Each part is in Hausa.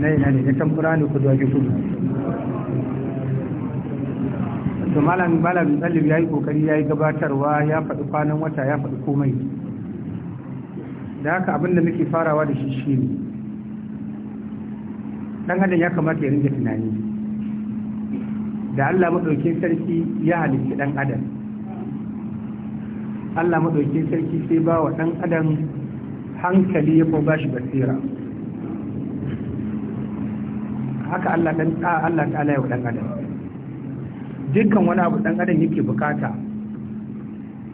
na ina ne na can ƙurani ku zuwa kudu to malam malam ɗalib ya yi ƙoƙari ya yi gabatarwa ya faɗi kwanan wata ya faɗi komai da haka abin da muke farawa da shi shi ne Dan adam ya kamata ya rinje tunani da allah madaukin sarki ya halitta dan adam allah madaukin sarki sai ba wa ɗan adam hankali ya ko bashi basira haka Allah dan Allah ta'ala ya dan adam dukkan wani abu dan adam yake bukata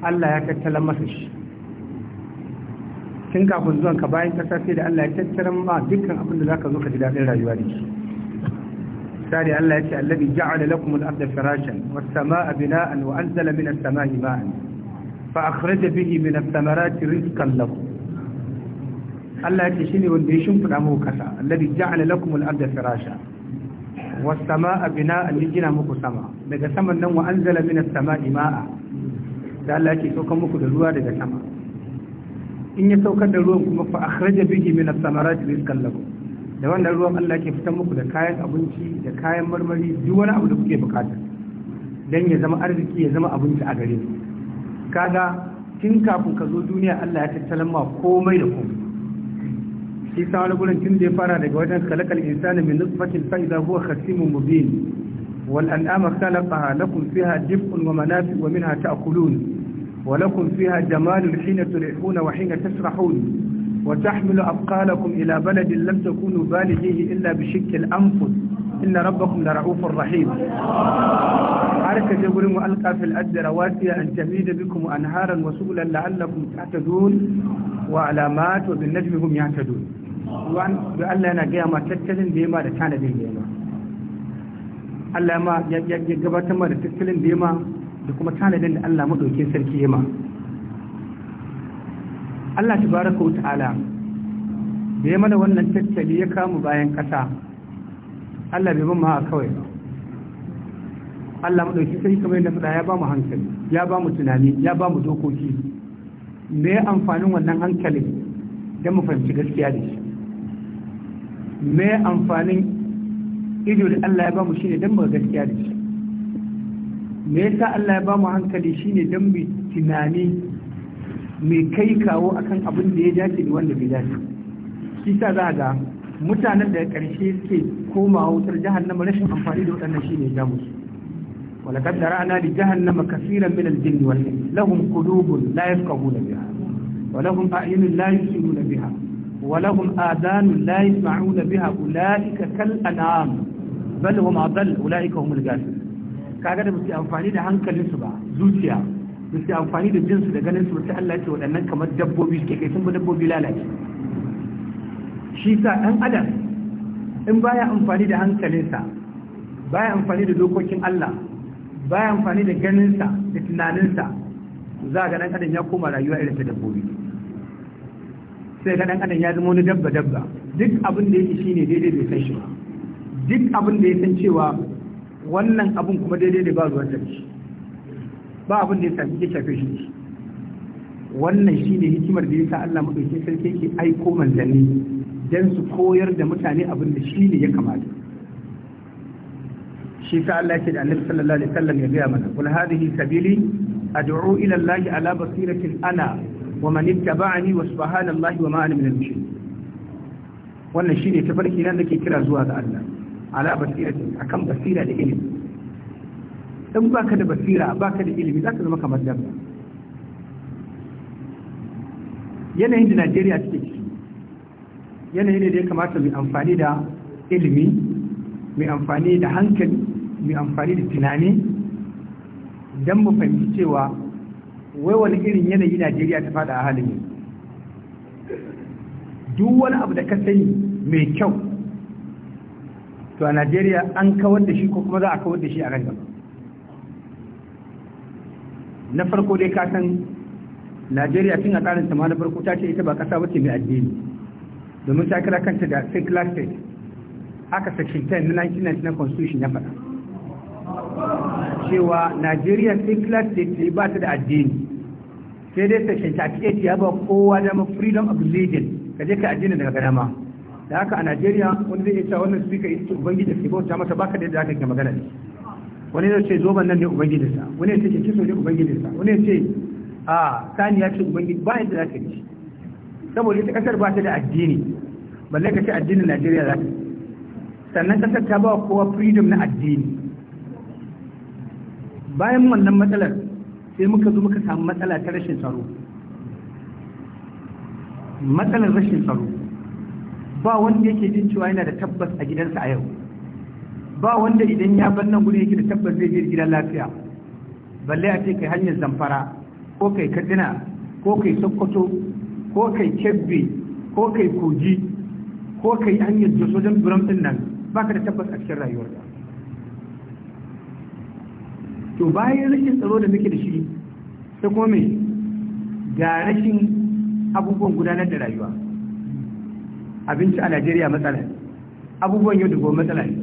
Allah ya tattala masa shi tun kafin zuwan ka bayan kasa sai da Allah ya tattara ma dukkan abin da zaka zo ka ji dadin rayuwa da shi misali Allah ya ce allazi ja'ala lakum al-ardha firashan was-samaa'a binaa'an wa anzala minas samaa'i maa'an fa akhraja bihi minas thamarati rizqan lakum Allah ya ce ne wanda ya shimfida muku kasa allazi ja'ala lakum al-ardha firashan wasama bina a gina muku sama daga saman nan wa anzala minas sama ma'a da Allah ke saukar muku da ruwa daga sama in ya saukar da ruwan kuma fa akhraja bihi minas samarati rizqan lakum da wannan ruwan Allah ke fitar muku da kayan abinci da kayan marmari duk wani abu da kuke bukata dan ya zama arziki ya zama abinci a gare ku kaga tun kafin ka zo duniya Allah ya tattalan ma komai da komai shi خلق wani من tun da ya fara daga wajen kalakal insani فيها دفء fa ومنها huwa khasimun mubin wa manafi wa ولكم فيها جمال حين تريحون وحين تسرحون وتحمل أبقالكم إلى بلد لم تكونوا بالغيه إلا بشك الأنفس إن ربكم لرعوف رحيم حركة يقولون وألقى في الأرض رواسي أن تميد بكم أنهارا وسبلا لعلكم تعتدون wa alamatu bin najmi hum yahtadun wan da Allah yana gaya ma tattalin da yema da tanadin da yema Allah ma ya gabatar ma da tattalin da yema da kuma tanadin da Allah madauke sarki yema Allah tabaraka wa ta'ala da ya mana wannan tattali ya kamu bayan kasa Allah bai bin ma kawai Allah madauke sarki kamar yadda faɗa ya ba mu hankali ya ba mu tunani ya ba mu dokoki me amfanin wannan hankalin don mu fahimci gaskiya da shi me amfanin ido da Allah ya bamu ne dan mu gaskiya da shi me yasa Allah ya bamu hankali shi ne dan mu tunani mai kai kawo akan abin da ya dace da wanda bai dace shi sa za ga mutanen da ƙarshe suke komawa wutar jihar na rashin amfani da waɗannan ne ya jamu su ولقد a لجهنم كثيرا من الجن والإنس لهم قلوب لا يفقهون بها ولهم أعين لا يبصرون بها ولهم آذان لا يسمعون بها أولئك كالأنعام بل هم أضل أولئك هم الغافلون kaga da musu amfani da hankalinsu ba zuciya musu amfani da jinsu da ganinsu ba sai Allah ya ce waɗannan kamar dabbobi suke kai sun dabbobi lalace shi sa ɗan adam in baya amfani da hankalinsa baya amfani da dokokin Allah ya amfani da ganinsa da tunaninsa za a ga dan adam ya koma rayuwa irin ta dabbobi sai ga dan adam ya zama wani dabba dabba duk abin da yake shine daidai bai san shi ba duk abin da ya san cewa wannan abin kuma daidai da ba ruwan sarki ba abin da ya sami ke shafe shi wannan shine hikimar da yasa Allah madaukakin sarki yake aiko manzanni dan su koyar da mutane abin da shine ya kamata shi sa Allah yake da Annabi sallallahu alaihi wasallam ya gaya mana kul hadhihi sabili ad'u ila Allah ala basiratin ana wa man ittaba'ani wa subhanallahi wa ma ana minal mushrikin wannan shine tafarki nan nake kira zuwa ga Allah ala basiratin akan basira da ilimi dan baka da basira baka da ilimi zaka zama kamar dabba yanayin da Najeriya take ciki yanayin da ya kamata mu amfani da ilimi mai amfani da hankali Mai amfani da tunani don mu fahimci cewa wai wani irin yanayi najeriya ta fada a halin yanzu duk wani abu da ka sani mai kyau to a najeriya an kawar da shi ko kuma za a kawar da shi a ran gaba na farko dai ka san najeriya tun a tsarin sama na farko ta ce ita ba kasa wace mai addini domin ta kira kanta da secular state aka section 10 na 1999 constitution ya faɗa cewa Najeriya secular state ne ba ta da addini sai dai section 38 ya ba kowa dama freedom of religion ka je ka addini daga gadama da haka a Najeriya wani zai iya wannan speaker ita ubangiji ke bauta masa baka da yadda aka magana ne wani zai ce zoban nan ne ubangiji sa wani ya ce kiso ne ubangiji sa wani ya ce a ya ce ubangiji ba yadda ka ji saboda ita kasar ba ta da addini balle ka ce addinin Najeriya zaka sannan kasar ta ba kowa freedom na addini bayan wannan matsalar sai muka zo muka samu matsala ta rashin tsaro matsalar rashin tsaro ba wanda yake jin cewa yana da tabbas a gidansa a yau ba wanda idan ya bar nan ya yake da tabbas zai je gidan lafiya balle a ce kai hanyar zamfara ko kai kaduna ko kai sokoto ko kai kebbi ko kai kogi ko kai hanyar jos wajen buram din nan baka da tabbas a cikin rayuwarka to bayan rashin tsaro da muke da shi ta kome ga rashin abubuwan gudanar da rayuwa abinci a najeriya matsala abubuwan yau da gobe matsala ne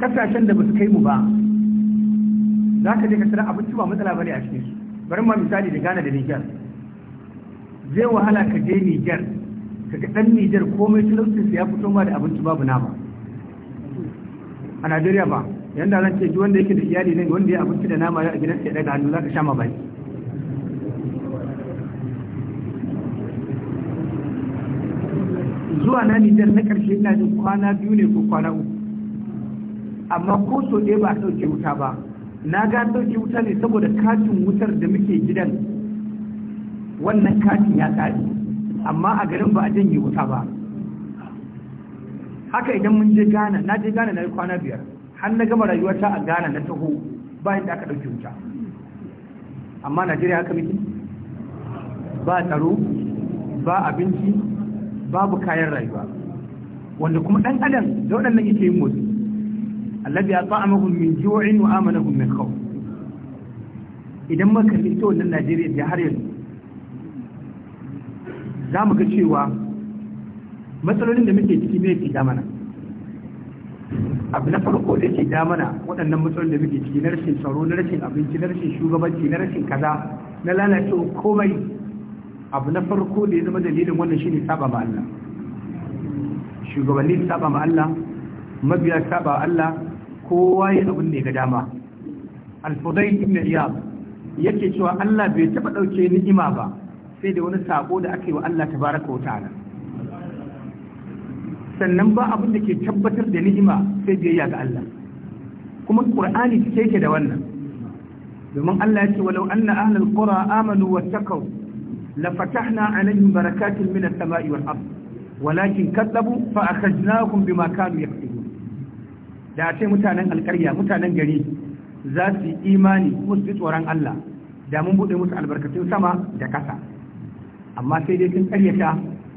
kasashen da ba su kai mu ba za ka je ka tsara abinci ba matsala bane a cikin su bari ma misali da ghana da niger zai wahala ka je niger ka ga dan niger komai talautinsa ya fito ma da abinci babu nama a najeriya ba yanda ran ce wanda yake da iyali ne wanda ya abinci da nama a gidan sai daga hannu za ka sha ma baki zuwa na Nijar na karshe ina jin kwana biyu ne ko kwana uku amma ko so ɗaya ba a ɗauke wuta ba na ga ɗauke wuta ne saboda katin wutar da muke gidan wannan katin ya tsari amma a garin ba a janye wuta ba haka idan mun je Ghana na je Ghana na yi kwana biyar har na gama rayuwata a Ghana na taho bayan da aka ɗauke wuta amma Najeriya haka miki ba tsaro ba abinci babu kayan rayuwa wanda kuma ɗan adam da waɗannan yake yin motsi alladhi at'amahum min ju'in wa hun min kawo idan maka kalli wannan Najeriya da har yanzu za mu ga cewa matsalolin da muke ciki ne fi damana. abu na farko da ke damana waɗannan matsalolin da muke ciki na rashin tsaro na rashin abinci na rashin shugabanci na rashin kaza na lalace komai abu na farko da ya zama dalilin wannan shine saba ma Allah shugabanni saba ma Allah mabiya saba Allah kowa ya abin da ya ga dama al-fudayl ibn iyad yake cewa Allah bai taba dauke ni'ima ba sai da wani sako da aka yi wa Allah tabaraka wa ta'ala sannan ba abin da ke tabbatar da ni'ima sai biyayya ga Allah kuma qur'ani cike yake da wannan domin Allah ya ce walau anna ahlul qura amanu wattaqu lafatahna alaihim barakatin minas samai wal ard walakin kadzabu fa akhajnahum bima kanu yaktubun da sai mutanen alƙarya mutanen gari za su yi imani kuma su tsoron Allah da mun buɗe musu albarkatun sama da ƙasa amma sai dai sun ƙaryata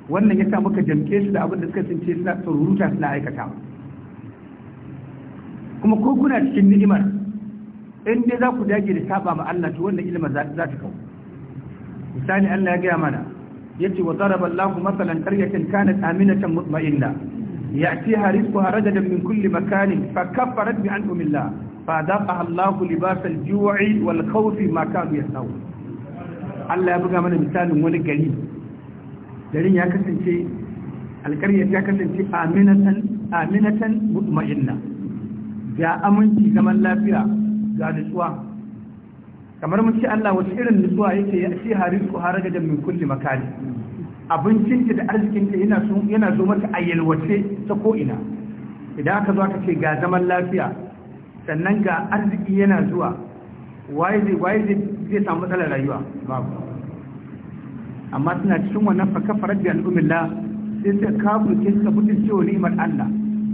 wannan yasa muka jamke su da abin da suka tsince suna tsoruta suna aikata kuma ko kuna cikin ni'imar in dai za ku dage da saba ma Allah to wannan ilmar za ta kawo misali Allah ya gaya mana yace wa daraba Allahu masalan qaryatan kanat aminatan mutma'inna ya'tiha rizquha ragadan min kulli makanin fakaffarat bi anhumillah fadaqaha Allahu libasal ju'i wal khawfi ma kanu yasnaw Allah ya buga mana misalin wani gari garin ya kasance alƙaryar ya kasance aminatan mutmainna ga aminci zaman lafiya ga nutsuwa kamar mun ce Allah wasu irin nutsuwa yake ya ce harisku ga min kulli makani Abincin da arzikinta yana zo mata a yalwace ta ko'ina idan aka zo aka ce ga zaman lafiya sannan ga arziki yana zuwa waye zai samu matsalar rayuwa babu amma suna cikin wannan fa kafarat bi al'umillah sai suka kafirce suka butulce wa ni'imar Allah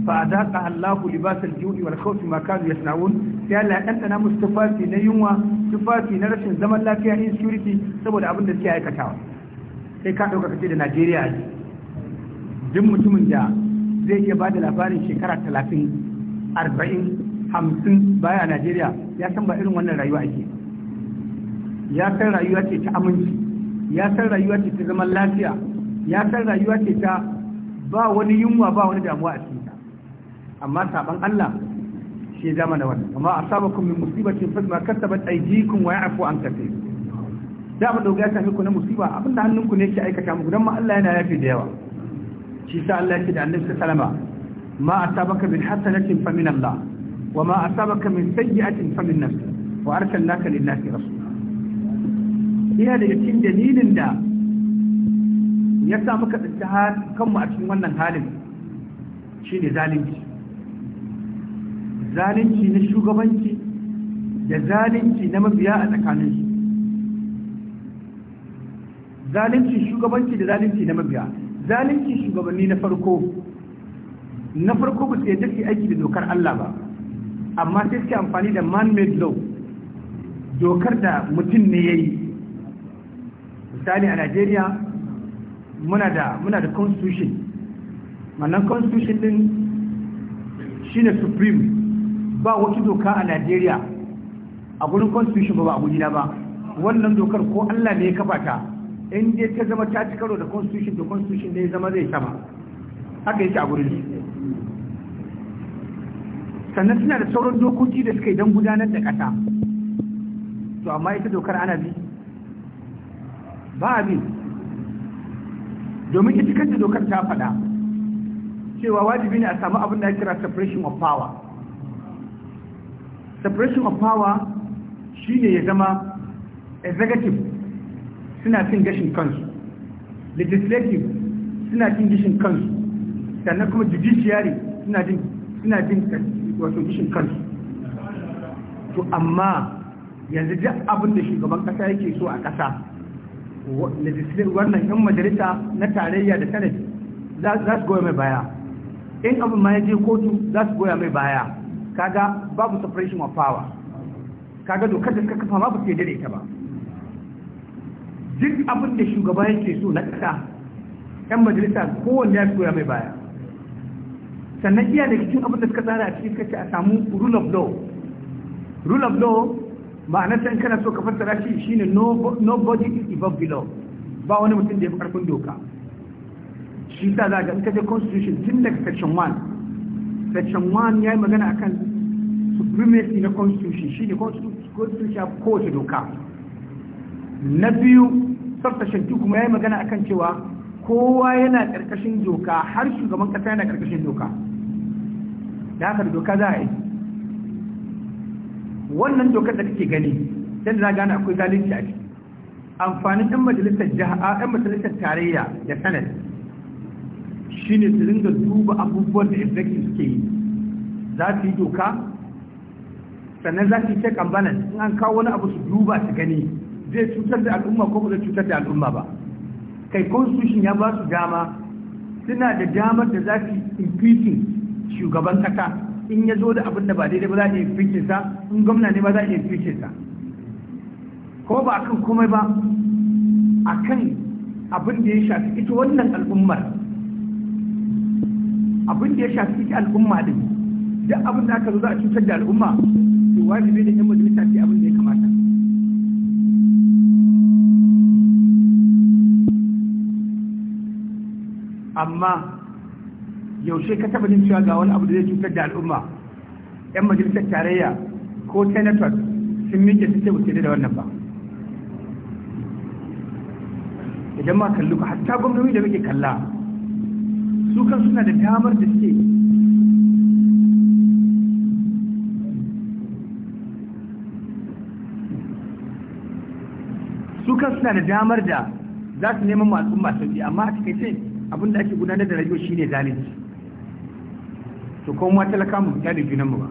fa adaqa Allahu libasal ju'i wal khawfi ma kanu yasna'un sai Allah dan mustafa na yunwa tufafi na rashin zaman lafiya insecurity saboda abin da suke aikatawa sai ka dauka kace da Najeriya duk mutumin da zai iya bada labarin shekara 30 40 hamsin baya Najeriya ya san ba irin wannan rayuwa ake ya san rayuwa ce ta aminci ya san rayuwa ce ta zaman lafiya ya san rayuwa ce ta ba wani yunwa ba wani damuwa a cikin ta amma saban Allah shi ya dama da wannan amma asabakum min musibatin fa ma kasabat aydikum wa ya'fu an kaseer da abin da ga ta muku na musiba abin da hannunku ne ke aikata muku dan ma Allah yana yafi da yawa shi sa Allah yake da annabi sallama ma asabaka bil hasanatin fa min Allah wa ma asabaka min sayyi'atin fa min nafsik wa arsalnaka lin-nasi rasula yana daga cikin dalilin da ya sa muka tsinci kanmu a cikin wannan halin shi ne zalunci zalunci na shugabanci da zalunci na mabiya a tsakaninsu zalunci shugabanci da zalunci na mabiya zalunci shugabanni na farko na farko ba su yadda su aiki da dokar Allah ba amma sai suke amfani da man-made law dokar da mutum ne ya yi misali a Najeriya muna da muna da constitution wannan constitution din shine supreme ba wata doka a Najeriya a gurin constitution ba ba a gudina ba wannan dokar ko Allah ne ya kafa ta in dai ta zama ta ci karo da constitution to constitution ne zama zai sama haka yake a gurin su sannan suna da sauran dokoki da suka yi don gudanar da ƙasa to amma ita dokar ana bi ba abin domin ita kanta dokar ta faɗa cewa wajibi ne a samu abin da kira separation of power separation of power shine ya zama executive suna cin gashin kansu legislative suna cin gashin kansu sannan kuma judiciary suna cin suna cin wato gashin kansu to amma yanzu duk abin da shugaban kasa yake so a kasa wannan yan majalisa na tarayya da sanadi za su goya mai baya in abin ma ya je kotu za su goya mai baya kaga babu separation of power kaga dokar da suka kafa babu ke dare ta ba duk abin da shugaba yake so na ƙasa yan majalisa kowanne ya goya mai baya sannan iya daga cikin abin da suka tsara a cikin kacce a samu rule of law rule of law ma'anar can kana so ka fassara shi shine nobody is above below ba wani mutum da ya fi karfin doka shi ta za ga ikajen constitution tun daga section 1 section 1 ya yi magana akan supremacy na constitution shi ne constitution ya kowace doka na biyu sassashen tu kuma ya yi magana a kan cewa kowa yana karkashin doka har shugaban kasa yana karkashin doka da haka doka za a yi wannan dokar da kake gani sai da gane akwai zalunci a ciki amfanin ɗan majalisar jiha ɗan majalisar tarayya da sanad shine su ringa duba abubuwan da executive suke yi za su yi doka sannan za su yi check and balance in an kawo wani abu su duba su gani zai cutar da al'umma ko ba zai cutar da al'umma ba kai constitution ya ba su dama suna da damar da za su impeaching shugaban kasa in ya zo da abin da ba daidai ba za a iya fice sa in gwamna ne ba za a iya fice sa ko ba akan komai ba akan abin da ya shafi ita wannan al'ummar abin da ya shafi ita al'umma din duk abin da aka zo za a cutar da al'umma to wajibi ne yan majalisa ce abin da ya kamata amma yaushe ka taba jin cewa ga wani abu da zai cutar da al'umma yan majalisar tarayya ko senators sun miƙe su ce ba su da wannan ba idan ma kalli ku hatta gwamnati da muke kalla su kan suna da damar da suke su kan suna da damar da za su neman masu masu amma a cikin abinda da ake gudanar da rajo shine zalunci to ko talaka mu ta da junan mu ba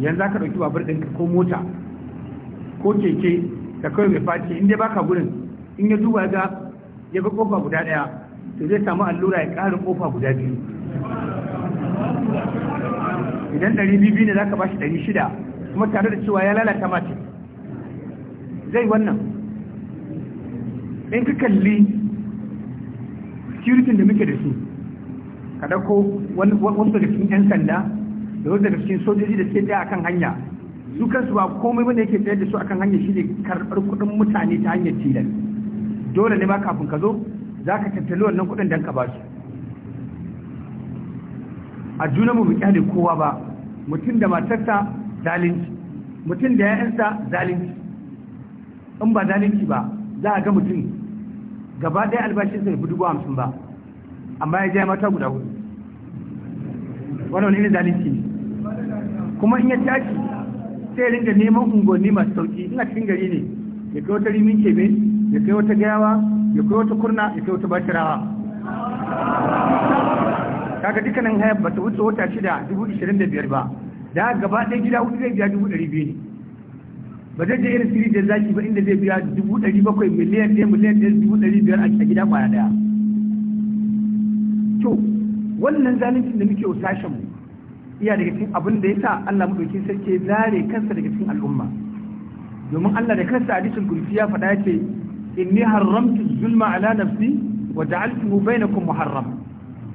yanzu aka dauki babur ɗinka ko mota ko keke da kai mai fati in dai baka gurin in ya duba ga ya ga kofa guda ɗaya to zai samu allura ya ƙarin kofa guda biyu idan ɗari biyu ne za ka bashi ɗari shida kuma tare da cewa ya lalata mace zai wannan in ka kalli security da muke da su ka ko wasu daga cikin yan sanda da wasu daga cikin sojoji da ke tsaya akan hanya su ba komai bane yake tsaye da su akan hanya shine karɓar kuɗin mutane ta hanyar tilan dole ne ma kafin ka zo za ka tattali wannan kuɗin don ka ba su a juna mu da kowa ba mutum da matarsa zalunci mutum da ya'yansa zalunci in ba zalunci ba za a ga mutum gaba ɗaya albashinsa ya fi dubu hamsin ba amma ya je mata guda hudu wannan ne zalunci ne kuma in ya tashi sai ringa neman unguwanni masu sauki ina cikin gari ne ya kai wata rimin kebe ya kai wata gayawa ya kai wata kurna ya kai wata bashirawa kaga dukkanin hayar ba ta wuce wata shida dubu ishirin da biyar ba da gaba ɗaya gida hudu zai biya dubu ɗari biyu ne ba zai je irin siri da zaki ba inda zai biya dubu ɗari bakwai miliyan ɗaya miliyan ɗaya dubu ɗari biyar a gida kwaya ɗaya to wannan zalincin da muke wa sashen mu iya daga cikin abin da yasa Allah madaukakin sarki zare kansa daga cikin al'umma domin Allah da kansa hadisul kursi ya faɗa yake inni haramtu zulma ala nafsi wa ja'altuhu bainakum muharram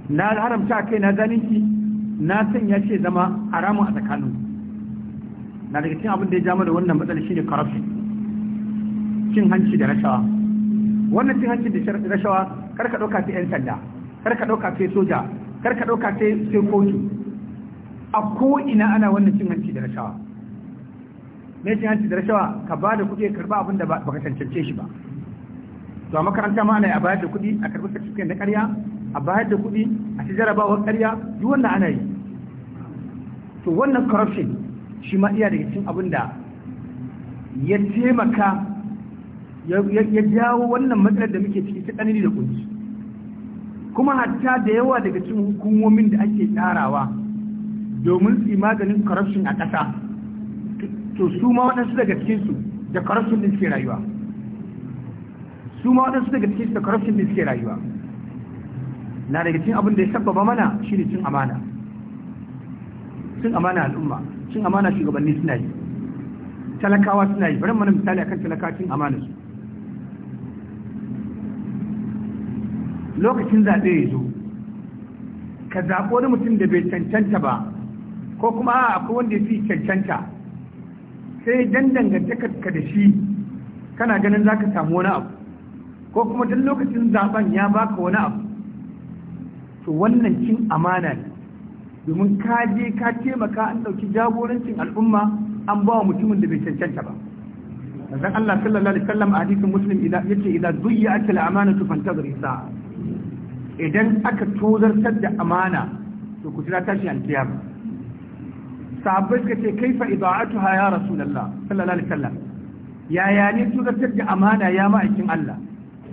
na haramta kai na zalunci na sanya shi zama haramun a tsakanin na daga cikin abin da ya jama da wannan matsalar shine corruption cin hanci da rashawa wannan cin hanci da rashawa karka dauka ta yan sanda kar ka ɗauka sai soja kar ka ɗauka sai kotu a ko ina ana wannan cin hanci da rashawa me cin hanci da rashawa ka ba da kuɗi karɓa abin da ba ka cancance shi ba to a makaranta ma ana yi a bayar da kuɗi a karɓi certificate na ƙarya a bayar da kuɗi a ci jarabawar ƙarya duk wannan ana yi to wannan corruption shi ma iya daga cikin abin da ya taimaka ya jawo wannan matsalar da muke ciki ta ƙanini da kunci kuma hatta da yawa daga cikin hukumomin da ake tsarawa domin su yi maganin corruption a ƙasa to su ma waɗansu daga cikinsu da corruption din suke rayuwa su ma waɗansu daga cikinsu da corruption din suke rayuwa na daga cikin abin da ya sabbaba mana shi ne cin amana cin amana al'umma cin amana shugabanni suna yi talakawa suna yi bari mana misali akan talakawa cin amana su lokacin zaɓe ya zo ka zaɓi wani mutum da bai cancanta ba ko kuma a akwai wanda ya fi cancanta sai dan dangantakarka da shi kana ganin za ka samu wani abu ko kuma duk lokacin zaɓen ya baka wani abu to wannan cin amana ne domin ka je ka taimaka an ɗauki jagorancin al'umma an ba wa mutumin da bai cancanta ba Allah sallallahu alaihi wasallam a hadisin muslim idan yace ake la'amana akal amanatu sa'a idan aka tozartar da amana to ku jira tashi alkiyar sahabbai suka ce kaifa ha ya rasulullah sallallahu alaihi wasallam yaya ne tozartar da amana ya ma'aikin Allah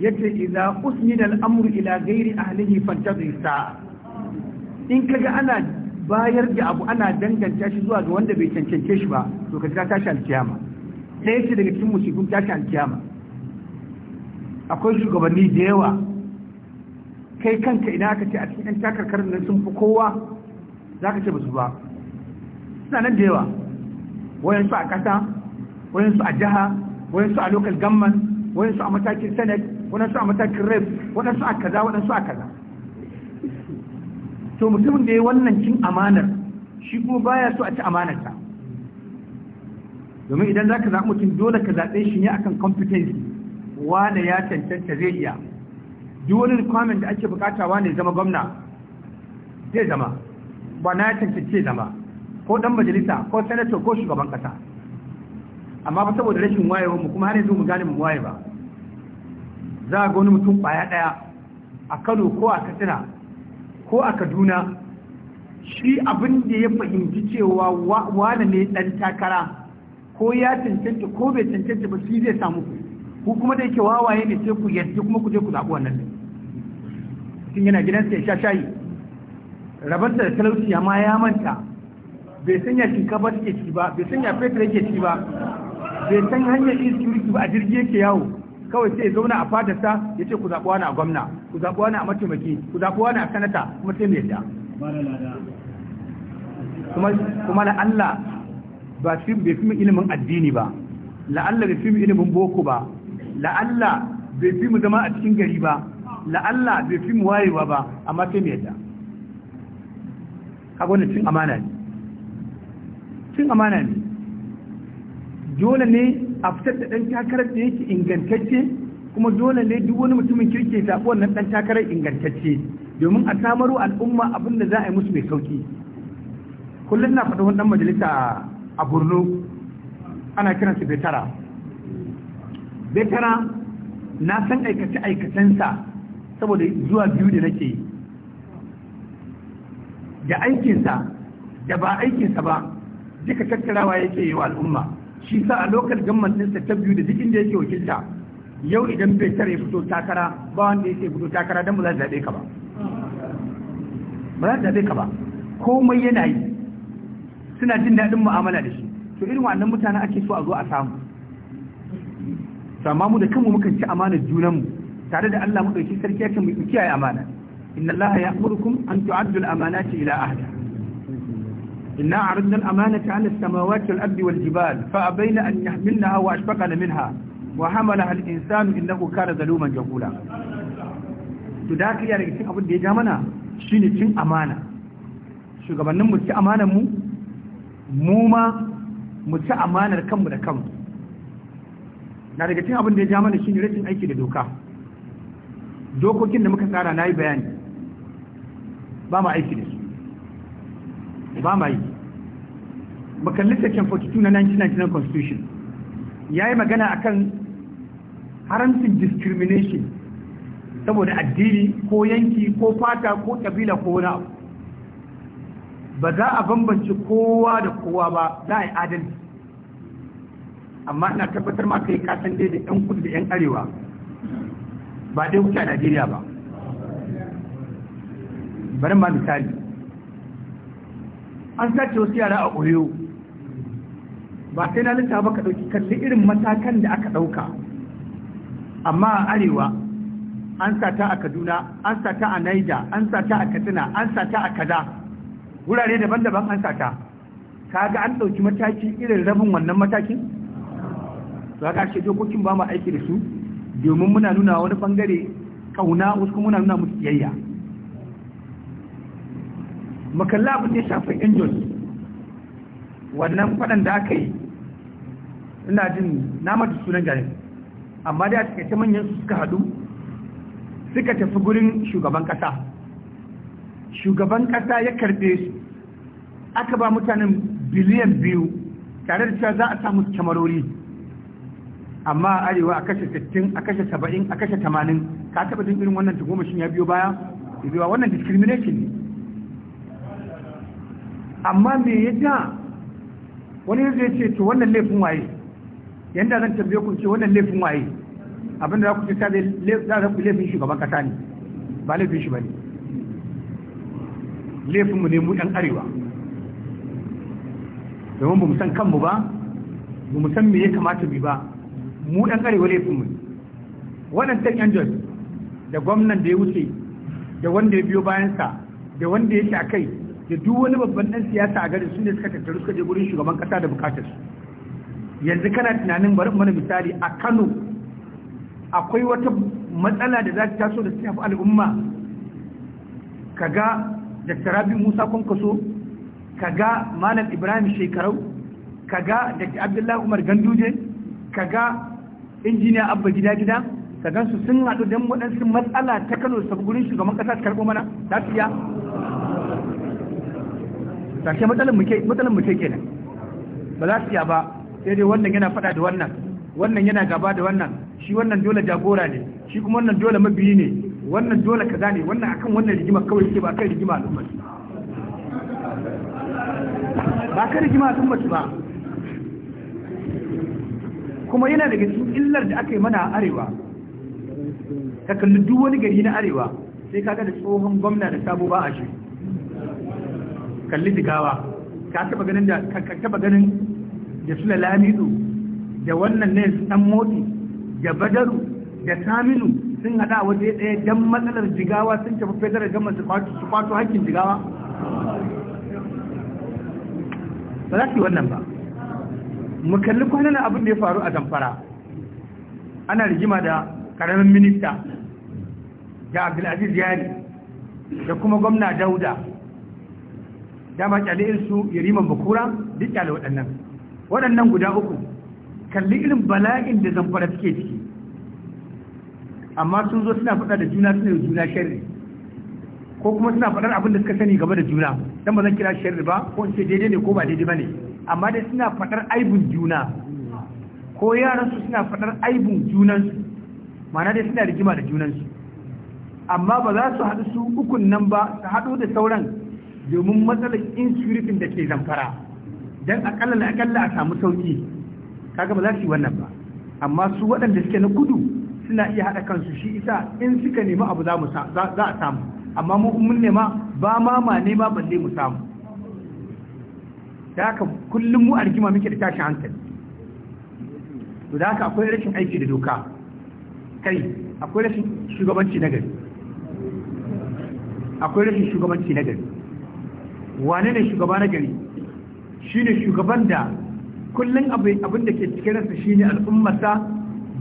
yace idza usnida al-amru ila ghairi ahlihi fantazi sa'a in kaga ana bayar da abu ana danganta shi zuwa ga wanda bai cancance shi ba to ka jira tashi alkiyama ɗaya ce daga cikin musibin tashi alkiyama akwai shugabanni da yawa kai kanka idan aka ce a cikin 'yan takarkar nan sun fi kowa za ka ce ba su ba suna nan da yawa wayansu a ƙasa wayansu a jiha wayansu a local government wayansu a matakin senate su a matakin rep su a kaza su a kaza to mutumin da ya wannan cin amanar shi kuma baya so a ci amanarsa domin idan za ka zaɓi mutum dole ka zaɓe shi ne akan competency wanda ya cancanta zai iya duk wani requirement da ake bukata ne zama gwamna zai zama ba na ya cancance zama ko dan majalisa ko senator ko shugaban kasa amma ba saboda rashin wayewar mu kuma har yanzu mu gane mu waye ba za ga wani mutum baya daya a Kano ko a Katsina ko a Kaduna shi abin da ya fahimci cewa wane ne dan takara ko ya cancanta ko bai cancanta ba shi zai samu ku ku kuma da yake wawaye ne sai ku yadda kuma ku je ku zaɓi wannan din tun yana gidansa ya sha shayi rabar da talauci amma ya manta bai sanya shinkafa suke ci ba bai sanya fetur yake ci ba bai san hanyar insecurity ba a jirgi yake yawo kawai sai ya zauna a fadarsa ya ce ku zaɓi wani a gwamna ku zaɓi wani a mataimaki ku zaɓi wani a sanata kuma sai mai yadda. kuma na Allah ba fi bai fi ilimin addini ba la'alla bai fi ilimin boko ba la'alla bai fi mu zama a cikin gari ba la'alla bai fi mu wayewa ba amma sai mu yadda kaga wannan cin amana ne cin amana ne dole ne a fitar da ɗan takarar da yake ingantacce kuma dole ne duk wani mutumin kirki ya zaɓi wannan ɗan takarar ingantacce domin a samaru al'umma abin da za a yi musu mai sauki kullum na faɗa wani ɗan majalisa a borno ana kiransa bai tara betara na san aikace aikacensa saboda zuwa biyu da nake yi da aikinsa da ba aikinsa ba duka tattarawa yake yi wa al'umma shi sa a lokal gamman ta biyu da duk inda yake wakilta yau idan betara ya fito takara ba wanda yake fito takara don ba za zaɓe ka ba ba za zaɓe ka ba komai yana yi suna jin daɗin mu'amala da shi to irin wannan mutanen ake so a zo a samu Sama mu da kanmu mukan ci amanar junanmu tare da Allah mu dauki sarki yake mu kiyaye amana inna Allah ya'murukum an tu'addu al-amanati ila ahli inna a'radna al-amanata 'ala as-samawati wal-ardi wal-jibal fa abayna an yahmilnaha wa ashfaqna minha wa hamalaha al-insanu innahu kana zaluman jahula to da kiyaye daga cikin abin da ya ja mana shine cin amana shugabannin mu ci amanar mu mu ma mu ci amanar kanmu da kanmu na daga cikin abin da ya ja mana shine rashin aiki da doka dokokin da muka tsara na yi bayani ba mu aiki da su ba mu yi makalli section 42 na 1999 constitution ya yi magana akan haramcin discrimination saboda addini ko yanki ko fata ko ƙabila ko wani abu ba za a bambance kowa da kowa ba za a yi adalci amma ina tabbatar ma kai ka san dai da yan kudu da yan arewa ba dai wuce a Najeriya ba bari ma misali an sace wasu yara a oyo ba sai na lissa ba ka ɗauki kalli irin matakan da aka ɗauka amma a arewa an sata a kaduna an sata a naija an sata a katsina an sata a kaza wurare daban-daban an sata kaga an ɗauki mataki irin rabin wannan matakin to haka shi dokokin ba mu aiki da su domin muna nuna wani bangare kauna wasu kuma muna nuna musu kiyayya makalla abin da ya shafi angels wannan faɗan da aka yi ina jin nama da sunan jari amma da suka ta manyan su suka haɗu suka tafi gurin shugaban ƙasa shugaban ƙasa ya karɓe su aka ba mutanen biliyan biyu tare da cewa za a samu kyamarori amma a arewa a kashe 60 a kashe 70 a kashe 80 ka taba jin irin wannan tagomashin ya biyo baya biyo wannan discrimination ne amma me ya ja wani ya ce to wannan laifin waye yadda zan tambaye ku ce wannan laifin waye abinda za ku ce za ku laifin shugaban kasa ne ba laifin shi ba ne laifinmu ne mu ɗan arewa domin ba mu san kanmu ba ba mu san me ya kamata bi ba mu ɗan arewa laifinmu ta yan jos da gwamnan da ya wuce da wanda ya biyo bayansa da wanda ya a kai da duk wani babban ɗan siyasa a garin su ne suka tattaru suka je gurin shugaban ƙasa da bukatar yanzu kana tunanin bari mana misali a kano akwai wata matsala da za ta taso da tafi al'umma kaga dr rabi musa kwankwaso kaga malam ibrahim shekarau kaga dr abdullahi umar ganduje kaga injiniya abba gida gida ka gan su sun haɗu don waɗansu matsala ta kano su gurin shugaban ƙasa su karɓo mana za su iya sashe matsalar mu ke kenan ba za su iya ba sai dai wannan yana faɗa da wannan wannan yana gaba da wannan shi wannan dole jagora ne shi kuma wannan dole mabiyi ne wannan dole kaza ne wannan akan wannan rigima kawai ke ba kai rigima al'ummar ba kai rigima al'ummar ba kuma yana daga cikin illar da aka yi mana a arewa ka kalli duk wani gari na arewa sai kaga da tsohon gwamna da sabo ba a shi kalli digawa ka taba ganin da ka taba ganin da su lalamido da wannan ne su dan motsi da badaru da saminu sun hada waje ɗaya dan matsalar jigawa sun tafi federal gama su kwato hakkin jigawa ba za su yi wannan ba mu kalli kwanan abin da ya faru a zamfara ana rigima da karamin minista da abdulaziz yari da kuma gwamna dauda dama ya yariman bakura duk kyale waɗannan waɗannan guda uku kalli irin bala'in da zamfara suke ciki amma sun zo suna faɗa da juna suna yi juna shari ko kuma suna faɗar abin da suka sani gaba da juna don ba zan kira shari ba ko in ce daidai ne ko ba daidai ba ne amma dai suna faɗar aibun juna ko yaransu suna faɗar aibun junansu mana dai suna rigima da junansu amma ba za su haɗu su ukun nan ba su haɗu da sauran domin matsalar insuritin da ke zamfara don akalla na akalla a samu sauki kaga ba za su yi wannan ba amma su waɗanda suke na kudu suna iya haɗa kansu shi isa in suka nemi abu za a samu amma mu mun nema ba ma ma nema balle mu samu da haka kullum mu a muke da tashin hankali to da haka akwai rashin aiki da doka kai akwai rashin shugabanci na gari akwai rashin shugabanci na gari wane ne shugaba na gari shi ne shugaban da kullum abin da ke cikin rasa shi ne al'ummarsa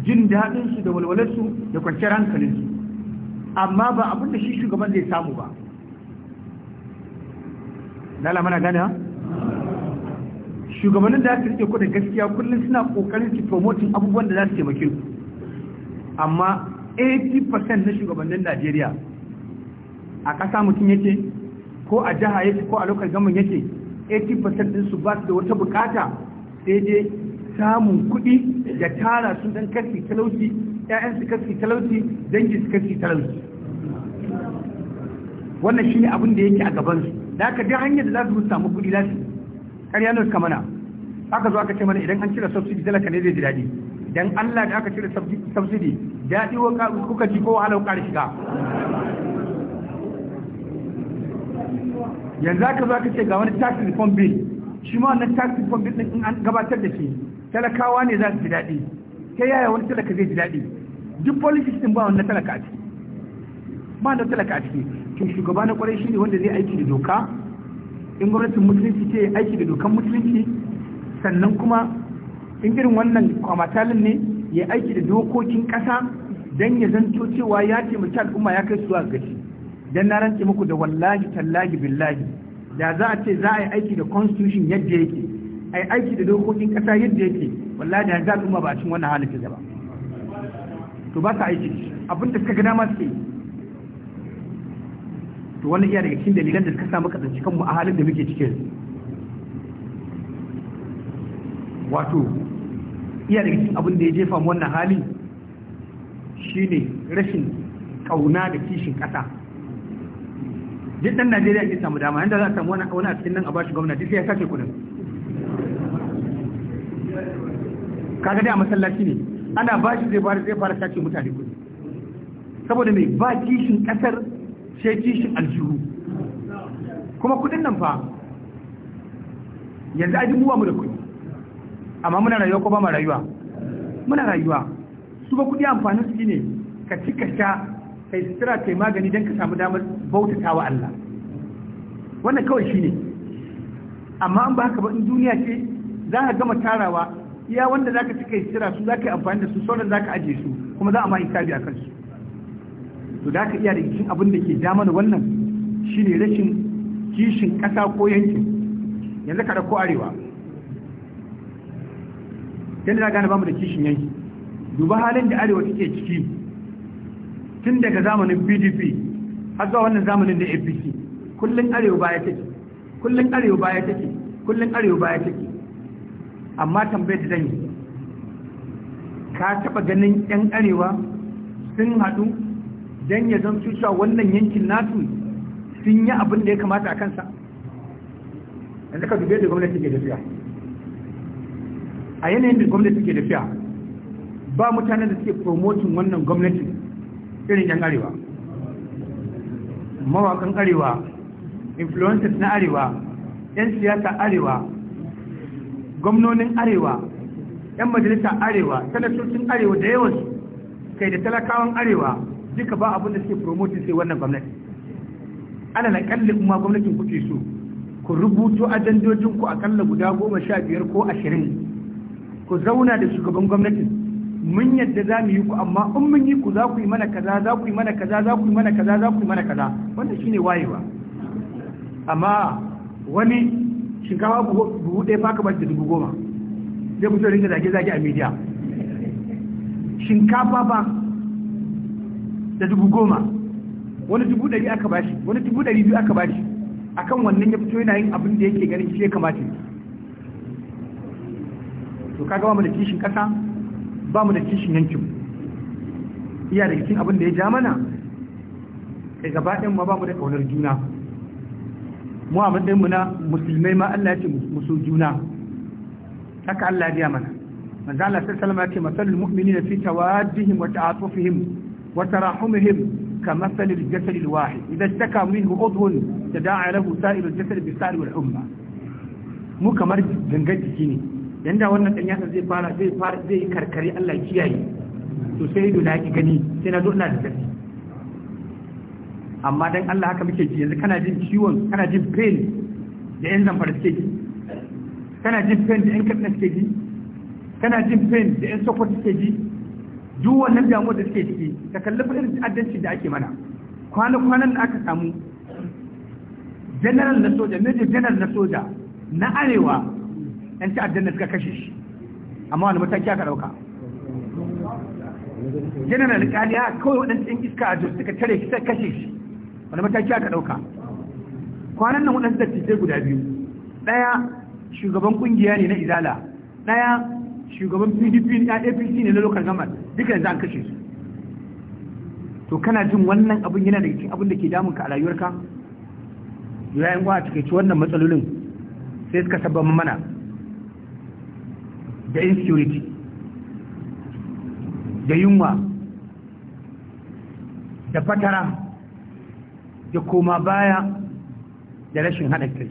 jin daɗinsu da walwalarsu da kwanciyar hankalinsu amma ba abin da shi shugaban zai samu ba lalama na gane shugabannin da su rike ku da gaskiya kullum suna kokarin su promoting abubuwan da za su taimake ku amma 80% na shugabannin Najeriya a ƙasa mutum yake ko a jiha yake ko a local gaman yake 80% din su ba su da wata bukata sai dai samun kuɗi da tara su dan kasi talauci ƴaƴan su kasi talauci dangi su kasi talauci wannan shine abin da yake a gaban su da haka duk hanyar da za su samu kuɗi za su ƙarya nan ka mana aka zo aka ce mana idan an cire subsidy talaka ne zai ji daɗi idan Allah da aka cire subsidy daɗi kuka ji ko wahala kuka shiga yanzu aka zo aka ce ga wani tax reform bill shi ma wannan tax reform bill din an gabatar da shi talakawa ne za su ji daɗi ta yaya wani talaka zai ji daɗi duk policy din ba wannan talaka a ciki ba wannan talaka a ciki to shugaba na kwarai shine wanda zai aiki da doka in gwamnatin musulunci ce aiki da dokan musulunci sannan kuma in irin wannan kwamatalin ne ya aiki da dokokin kasa don ya zanto cewa ya taimaki al'umma ya kai suwa gashi don na rantse muku da wallahi tallahi billahi da za a ce za a yi aiki da constitution yadda yake a yi aiki da dokokin ƙasa yadda yake wallahi da za al'umma ba a cin wannan halin ta ba to ba sa aiki abin suka gada masu to wannan iya daga cikin dalilan da suka sa muka tsinci kanmu a halin da muke cike? wato iya daga cikin abin da ya jefa mu wannan hali shine rashin kauna da kishin kasa duk dan Najeriya ke samu dama yanda za a samu wannan a cikin nan a bashi gwamnati sai ya sace kudin kaga dai a masallaci ne ana bashi zai fara zai fara sace mutane kudi saboda mai ba kishin kasar sai kishin aljihu kuma kudin nan fa yanzu ajin mu da kudi amma muna rayuwa ko ba mu rayuwa muna rayuwa su ba kudi amfanin su ne ka ci ka sha kai sutura kai magani don ka samu damar bautata wa Allah wannan kawai shine amma an ba haka ba in duniya ce za ka gama tarawa iya wanda za ka ci kai sutura su za ka yi amfani da su sauran za ka ajiye su kuma za a ma hisabi a kansu to da ka iya da cikin abin da ke damar wannan wannan shine rashin kishin ƙasa ko yankin yanzu ka ko arewa yadda da gane ba mu da kishin yanki duba halin da arewa take ciki tun daga zamanin pdp har zuwa wannan zamanin da apc kullum arewa baya take kullum arewa baya take kullum arewa baya take amma tambayar da zan yi ka taba ganin yan arewa sun haɗu don ya zanto cewa wannan yankin nasu sun yi abin da ya kamata a kansa yanzu ka dube da gwamnati ke dafiya a yanayin da gwamnati ke dafiya ba mutane da suke promotin wannan gwamnati irin yan arewa mawakan arewa influencers na arewa 'yan siyasa arewa gwamnonin arewa 'yan majalisa arewa sanatocin arewa da yawansu kai da talakawan arewa duka ba abin da suke promoting sai wannan gwamnati ana na kalli kuma gwamnatin kuke so ku rubuto ajandojin ku akalla guda goma sha biyar ko ashirin ku zauna da shugaban gwamnati mun yadda za mu yi ku amma in mun yi ku za ku yi mana kaza za ku yi mana kaza za ku yi mana kaza za ku yi mana kaza wannan shine wayewa amma wani shinkafa buhu ɗaya fa ka bar da dubu goma zai fito da zage-zage a media shinkafa ba da dubu goma wani dubu ɗari aka bashi wani dubu ɗari biyu aka bashi akan wannan ya fito yana yin abin da yake ganin shi ya kamata to kaga ba mu da kishin ƙasa ba mu da kishin yankin iya da kishin abin da ya ja mana kai gaba ɗin ma ba mu da ƙaunar juna mu a matsayinmu na musulmai ma Allah ya ce musu juna haka Allah ya mana manzo Allah sallallahu alaihi wasallam ya ce masalul mu'minina fi tawaddihim wa ta'atufihim وتراحمهم كمثل الجسد الواحد إذا اشتكى منه عضو تداعى له سائر الجسد بالسائر والحمى mu kamar gangar jiki ne yanda wannan dan yasa zai fara zai fara zai karkare Allah kiyaye to sai ido na ki gani sai na zo ina da tsari amma dan Allah haka muke ji yanzu kana jin ciwon kana jin pain da yan zamfara suke ji kana jin pain da yan kaduna suke ji kana jin pain da yan sokoto suke ji duk wannan damuwar da suke ciki ka kalli irin addanci da ake mana kwana-kwanan da aka samu general na soja major general na soja na arewa yan ta'addan da suka kashe shi amma wani mataki aka ɗauka general kaliya kawai waɗansu ɗin iska a jos suka tare shi suka kashe shi wani mataki aka ɗauka kwanan nan waɗansu dattijai guda biyu ɗaya shugaban ƙungiya ne na izala ɗaya shugaban pdp na apc ne na local government duka yanzu an kashe su to kana jin wannan abin yana da cikin abin da ke damun ka a rayuwarka yayin gwa a wannan matsalolin sai suka sabban mana da insecurity da yunwa da fatara da koma baya da rashin haɗa kai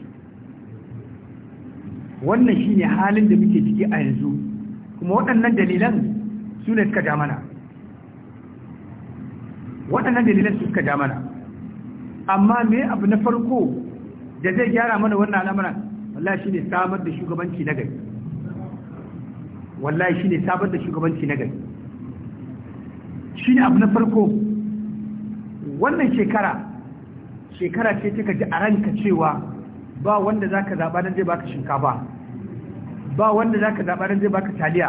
wannan shine halin da muke ciki a yanzu kuma waɗannan dalilan su ne suka ja mana waɗannan dalilan su suka ja mana amma me abu na farko da zai gyara mana wannan al'amuran wallahi shine samar da shugabanci na gari wallahi shine samar da shugabanci na gari shine abu na farko wannan shekara shekara ce take ji a ranka cewa ba wanda zaka zaba nan zai baka shinkafa ba wanda zaka zaɓa don zai baka taliya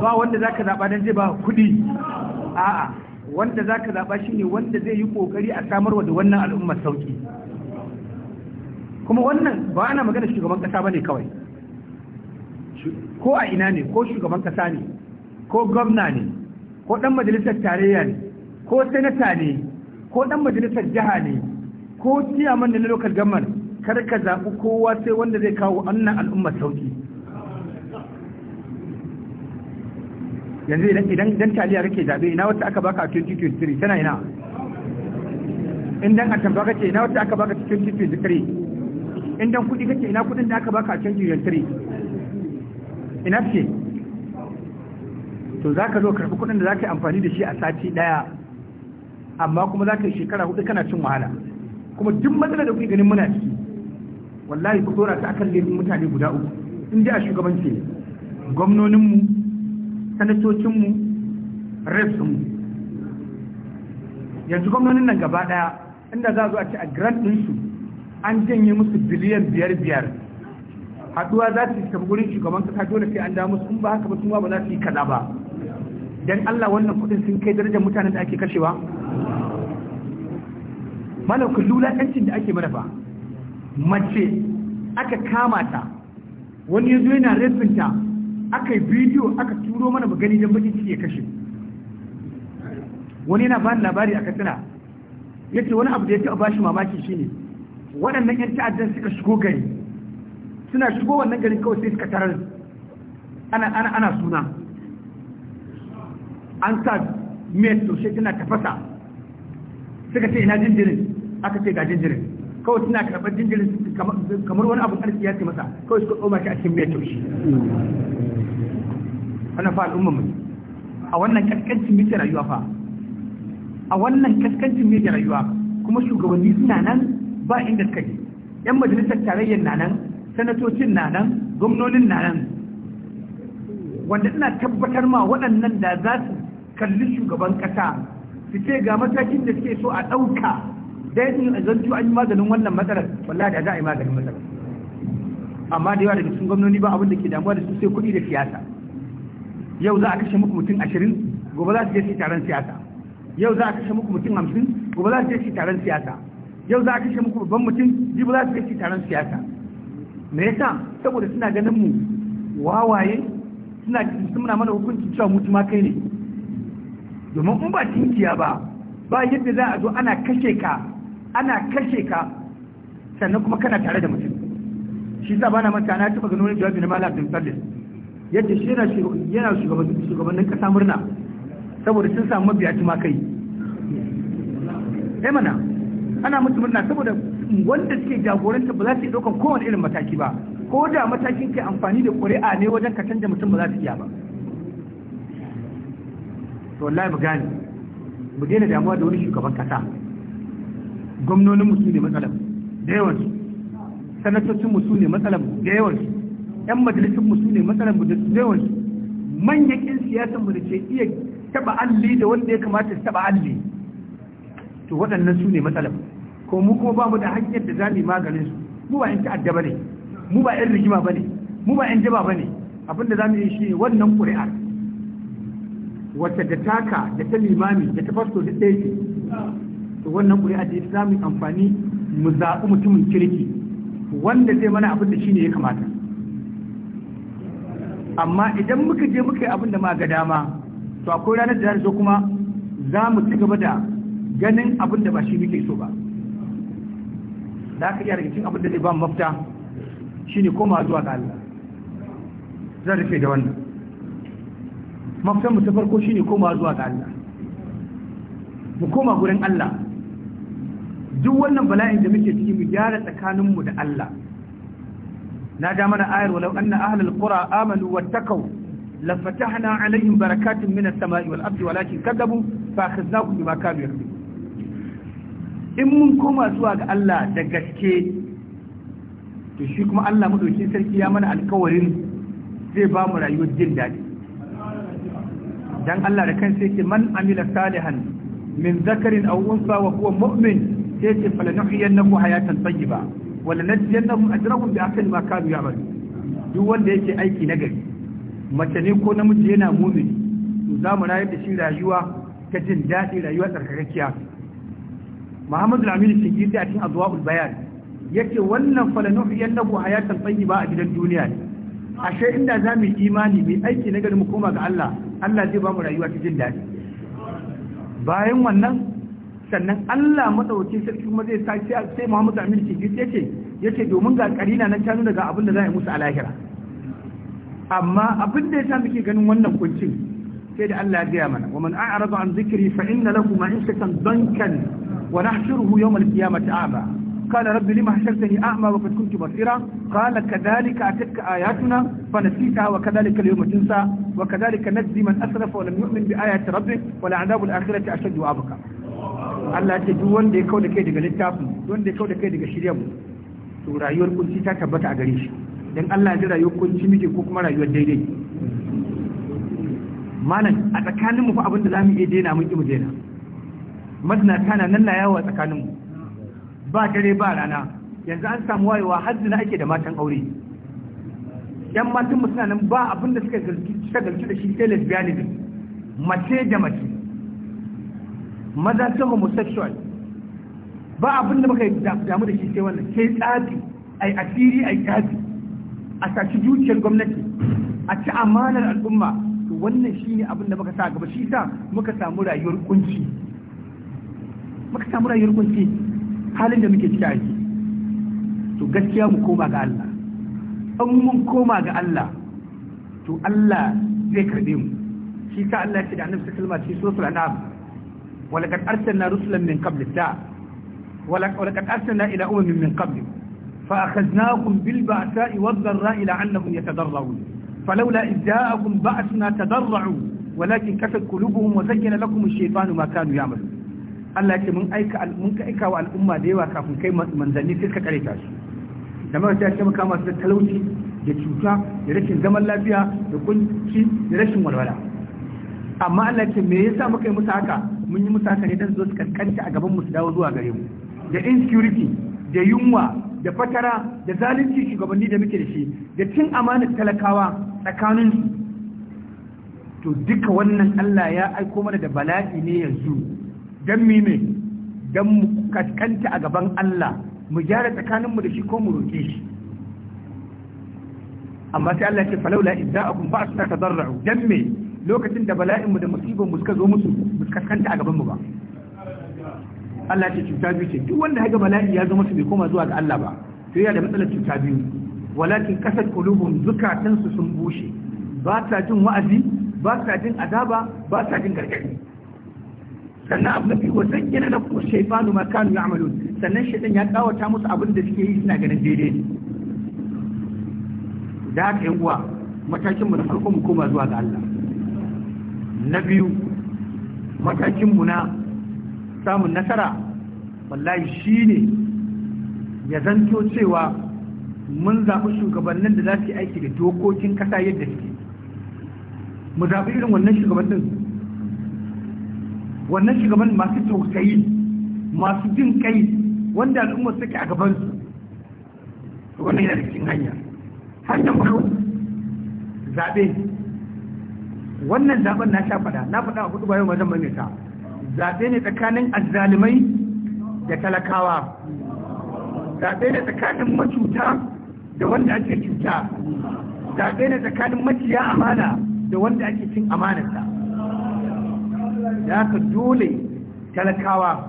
ba wanda zaka zaɓa don zai baka kuɗi a'a wanda zaka zaɓa shine wanda zai yi kokari a samarwa da wannan al'ummar sauki kuma wannan ba ana magana shugaban kasa bane kawai ko a ina ne ko shugaban kasa ne ko gwamna ne ko dan majalisar tarayya ne ko senata ne ko dan majalisar jiha ne ko ciyaman na lokal government kar ka zaɓi kowa sai wanda zai kawo annan al'ummar sauki yanzu idan dan taliya kake zabe ina wata aka baka 2023 tana ina in dan atamba kake ina wata aka baka 2023 in dan kudi kake ina kudin da aka baka 2023 ina ce to zaka zo karbi kudin da zaka yi amfani da shi a sati daya amma kuma zaka yi shekara hudu kana cin wahala kuma duk matsalar da kuke ganin muna ciki wallahi ku dora ta akan lemin mutane guda uku in ji a shugabanci gwamnoninmu sanatocinmu mu yanzu gwamnonin nan gaba daya inda za a ce a grand ɗinsu an janye musu biliyan biyar biyar haduwa za su tafi gurin shugaban kasa dole sai an damu sun ba haka ba sun ba za su yi kaza ba dan Allah wannan kudin sun kai darajar mutanen da ake kashewa malakul lulakancin da ake marafa mace aka kama ta wani yanzu yana rafinta aka yi bidiyo aka turo mana mu gani don bakin ciki ya kashe wani yana bani labari a katsina ya ce wani abu da ya taɓa bashi mamaki shine waɗannan 'yan ta'addan suka shigo gari suna shigo wannan gari kawai sai suka tarar ana ana ana suna an sa mai toshe tana tafasa suka ce ina jinjirin aka ce ga jinjirin kawai suna karɓar jinjirin kamar wani abu arziki ya ce masa kawai suka tsoma shi a cikin mai toshe wannan fa al'umma mu a wannan kaskancin muke rayuwa fa a wannan kaskancin muke rayuwa kuma shugabanni suna nan ba inda suka je yan majalisar tarayyar na nan sanatocin na nan gwamnonin na nan wanda ina tabbatar ma waɗannan da za su kalli shugaban ƙasa su ce ga matakin da suke so a ɗauka da yin zantu an yi maganin wannan matsalar wallahi da za a yi maganin matsalar amma da yawa daga cikin gwamnoni ba abin da ke damuwa da su sai kuɗi da siyasa yau za a kashe muku mutum ashirin gobe za su je su taron siyasa yau za a kashe muku mutum hamsin gobe za su je su taron siyasa yau za a kashe muku babban mutum jibi za su je su taron siyasa me yasa saboda suna ganin mu wawaye suna suna mana hukunci cewa mutu ma kai ne domin in ba tinkiya ba ba yadda za a zo ana kashe ka ana kashe ka sannan kuma kana tare da mutum shi sa bana manta na taba ganin wani jawabi na malam Abdul Salis yadda shi yana shugabannin kasa murna saboda sun samu mabiya ma kai ai eh mana ana mutu murna saboda wanda suke jagoranta ba za su yi ɗaukar kowane irin mataki ba ko da matakin ke amfani da ƙuri'a ne wajen ka canja mutum ba za su iya ba to wallahi mu gane mu daina damuwa da wani shugaban kasa gwamnonin mu su ne matsalar da yawan sanatocin mu su ne matsalar da yawan yan majalisun musu ne matsalar mu da yawan manyan yan siyasar mu da ke iya taba alli da wanda ya kamata su taba alli to waɗannan su ne matsalar ko mu kuma ba mu da hanyar da za mu yi maganin su mu ba yan ta'adda ba ne mu ba yan rigima ba ne mu ba yan jaba ba ne abin da za mu yi shi wannan ƙuri'ar wacce da taka da ta limami da ta fasto da ɗaya ce to wannan ƙuri'a da za mu amfani mu zaɓi mutumin kirki wanda zai mana abin da shi ne ya kamata amma idan muka je muka yi abin da ma ga dama to akwai ranar da zo kuma za mu ci gaba da ganin abin da ba shi muke so ba da aka iya rikicin abin da zai ba mafita shine koma zuwa ga Allah zan rufe da wannan mafitan mu ta farko shine koma zuwa ga Allah mu koma gurin Allah duk wannan bala'in da muke ciki mu gyara tsakaninmu da Allah na ja mana ayar walau anna ahlul qura amanu wattaqu lafatahna alaihim barakatun minas sama'i wal ardi walakin kadzabu fa akhadnahum bima kanu yaksubun in mun koma zuwa ga Allah da gaske to shi kuma Allah madaukin sarki ya mana alkawarin zai ba mu rayuwar jin daɗi dan Allah da kansa yake man amila salihan min zakarin aw unsa wa huwa mu'min sai ce falanuhiyannahu hayatan tayyiba wala najjannahum ajrahum bi akali ma ya ba duk wanda yake aiki nagari mace ne ko namiji yana mumini to za mu rayar da shi rayuwa ta jin daɗi rayuwa tsarkakakkiya Muhammadu Aminu Shingiri a cikin Azwaul Bayan yake wannan falanuhiyan lahu hayatan ba a gidan duniya ne ashe inda za mu imani mai aiki gari mu koma ga Allah Allah zai ba mu rayuwa ta jin daɗi bayan wannan sannan Allah madauki sarki kuma zai sa sai Muhammad Amir ke yace yace domin ga karina na ta daga abin da za a yi musu a lahira amma abin da yasa muke ganin wannan kuncin sai da Allah ya gaya mana wa man a'rada an zikri fa inna lahu ma'ishatan dankan wa nahshuruhu yawm al-qiyamati a'ma قال رب لما حشرتني أعمى وقد كنت بصيرا قال كذلك أتتك آياتنا فنسيتها وكذلك اليوم تنسى وكذلك نجزي من أسرف ولم يؤمن بآيات ربه ولعذاب الآخرة أشد وأبقى Allah ya ce duk wanda ya kauda kai daga littafin wanda ya kauda kai daga shirya mu to rayuwar kunci ta tabbata a gare shi dan Allah ya ji rayuwar kunci muke ko kuma rayuwar daidai malam a tsakanin mu fa abin da zamu iya daina mun ki mu daina madina tana nan na yawo a tsakanin mu ba dare ba rana yanzu an samu wayewa haddi na ake da matan aure yan matan mu suna nan ba abin da suka galci da shi sai lesbianism mace da mace maza ta homosexual ba abin da muka damu da shi sai wannan sai tsafi ai asiri ai tsafi a saci dukiyar gwamnati a ci amanar al'umma to wannan shi abin da muka sa gaba shi sa muka samu rayuwar kunci muka samu rayuwar kunci halin da muke ciki a yi to gaskiya mu koma ga Allah an mun koma ga Allah to Allah zai karbe mu shi sa Allah ya ce da annabi sallallahu alaihi wasallam cikin suratul an'am ولقد أرسلنا رسلا من قبل الداء ولقد أرسلنا إلى أمم من قبل فأخذناهم بالبأساء والضراء لعلهم يتضرعون فلولا إذ جاءهم بأسنا تضرعوا ولكن كفت قلوبهم وزين لكم الشيطان ما كانوا يعملون Allah ce mun aika mun ka aika wa al'umma da yawa kafin kai manzanni sai ka kare ta su da mara ta ce maka masu talauci da cuta da rashin zaman lafiya da kunci da rashin walwala amma Allah ce me yasa muka yi musu haka mun yi musu haka ne dan zo su kankanta a gaban musu su dawo zuwa gare mu da insecurity da yunwa da fatara da zalunci shugabanni da muke da shi da cin amanar talakawa tsakanin su to duka wannan Allah ya aiko mana da bala'i ne yanzu dan mi ne dan mu kankanta a gaban Allah mu gyara tsakanin mu da shi ko mu roke shi amma sai Allah ya ce falaula idza'akum ba'sa tadarru dan me lokacin da bala'inmu da musibanmu suka zo musu kaskanta a gabanmu ba Allah ce cuta biyu ce duk wanda haka bala'i ya zo masu bai koma zuwa ga Allah ba to yana da matsalar cuta biyu walakin kasar kulubun zukatansu sun bushe ba ta jin wa'azi ba ta jin azaba ba ta jin gargaɗi. sannan abu mafi wa zayyana na kuma shaifanu ma kanu amalu sannan shaitan ya kawata musu abin da suke yi suna ganin daidai ne da haka yan uwa matakin mu da farko mu koma zuwa ga Allah na biyu matakinmu na samun nasara wallahi shi ne ya zanto cewa mun zaɓi shugabannin da za su yi aiki da dokokin ƙasa yadda suke mu zaɓi irin wannan shugabannin wannan shugabannin masu tausayi masu jin kai wanda al'ummar suke a gabansu wannan yana da cikin hanya hanyar farko zaɓe wannan zaben na sha fada na fada hudu bayan wajen mamita zaɓe ne tsakanin azzalimai da talakawa zaɓe ne tsakanin macuta da wanda ake cuta zaɓe ne tsakanin maciya amana da wanda ake cin amanarsa da aka dole talakawa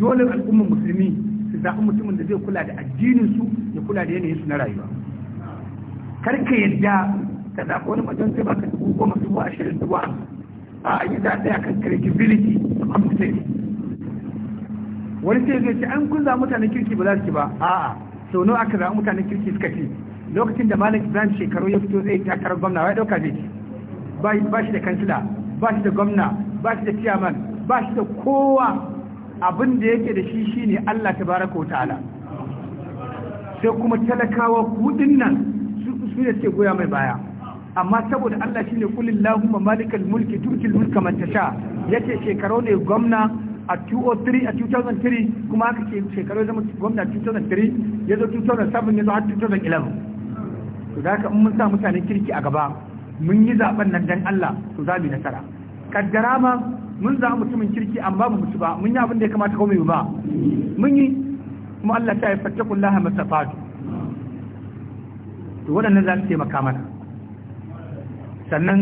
dole al'ummar musulmi su zaɓi mutumin da zai kula da addininsu ya kula da yanayinsu na rayuwa kar ka yadda ka zaɓi wani mutum zai baka dubu goma dubu ashirin dubu a yi za a kan credibility da competency wani sai zai ce an kun mutanen kirki ba za su ci ba a'a sau nawa aka zaɓi mutanen kirki suka ci lokacin da malam ibrahim shekaru ya fito zai takarar gwamna ya ɗauka zai ba shi da kansila ba shi da gwamna ba shi da chairman ba shi da kowa abin da yake da shi shine Allah baraka wa ta'ala sai kuma talakawa kudin nan su ne suke goya mai baya amma saboda Allah shine kulil lahumma malikal mulki tutil mulka man tasha yace shekaru ne gwamna a 2003 a 2003 kuma haka ke shekaru zama gwamna 2003 yazo 2007 yazo har 2011 to da ka in mun sa mutanen kirki a gaba mun yi zaben nan dan Allah to za mu nasara kaddara ma mun za mutumin kirki amma ba mutu ba mun yi abin da ya kamata ko mai ba mun yi kuma Allah ta yi fatakullaha masafatu to waɗannan za su taimaka mana sannan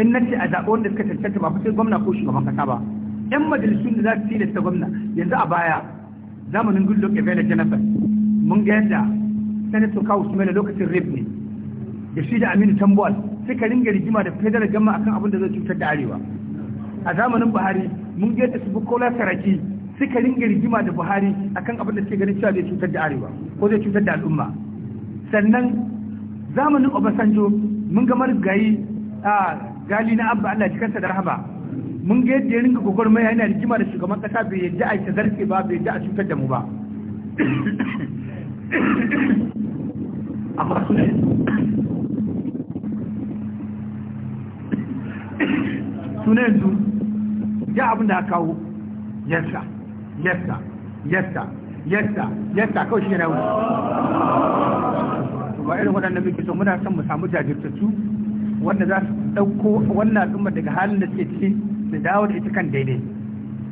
in na ce a zaɓi wanda suka cancanta ba sai gwamna ko shugaban kasa ba yan majalisun da za su tilasta gwamna yanzu a baya zamanin goodluck evela janabar mun ga yadda senator kawo su mela lokacin rape ne da shi da aminu tambuwal suka ringa rigima da federal gama akan abin da zai cutar da arewa a zamanin buhari mun ga yadda su bukola saraki suka ringa rigima da buhari akan abin da suke ganin cewa zai cutar da arewa ko zai cutar da al'umma sannan zamanin obasanjo mun ga marigayi A gali na abba Allah cikarsa da rahama mun ga yadda ya ringa gwagwarmaya yana jima da shugaban kasa bai yadda a ta zarfe ba bai yadda a cutar da mu ba amma suna suna yanzu ya abin da kawo yasta yasta yasta yasta yasta kawai shi yana wuce ba irin waɗanda muke so muna son mu samu jajirtattu wanda za su ɗauko wannan al'ummar daga halin da suke ciki da dawo da ita kan daidai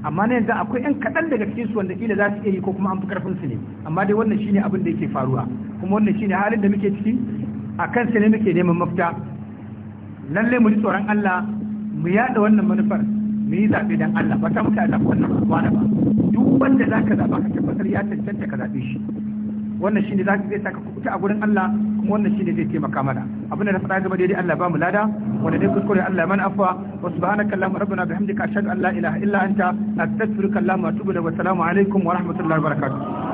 amma na yanzu akwai 'yan kaɗan daga cikin su wanda kila za su iya yi ko kuma an fi karfin su ne amma dai wannan shine abin da yake faruwa kuma wannan shine halin da muke ciki a kan sai ne muke neman mafita lallai mu ji tsoron Allah mu yaɗa wannan manufar mu yi zaɓe don Allah ba ta mutane zaɓi wannan ba duk wanda za ka zaɓa ka tabbatar ya cancanta ka zaɓe shi wannan shine zaka zai saka kuka a gurin Allah kuma wannan shine zai taimaka mana abin da na faɗa gaba daidai Allah ba mu lada wanda dai kuskure Allah man afwa wa subhanaka allahumma rabbana bihamdika ashhadu an la ilaha illa anta astaghfiruka allahumma wa atubu ilaik wa assalamu alaikum wa rahmatullahi wa barakatuh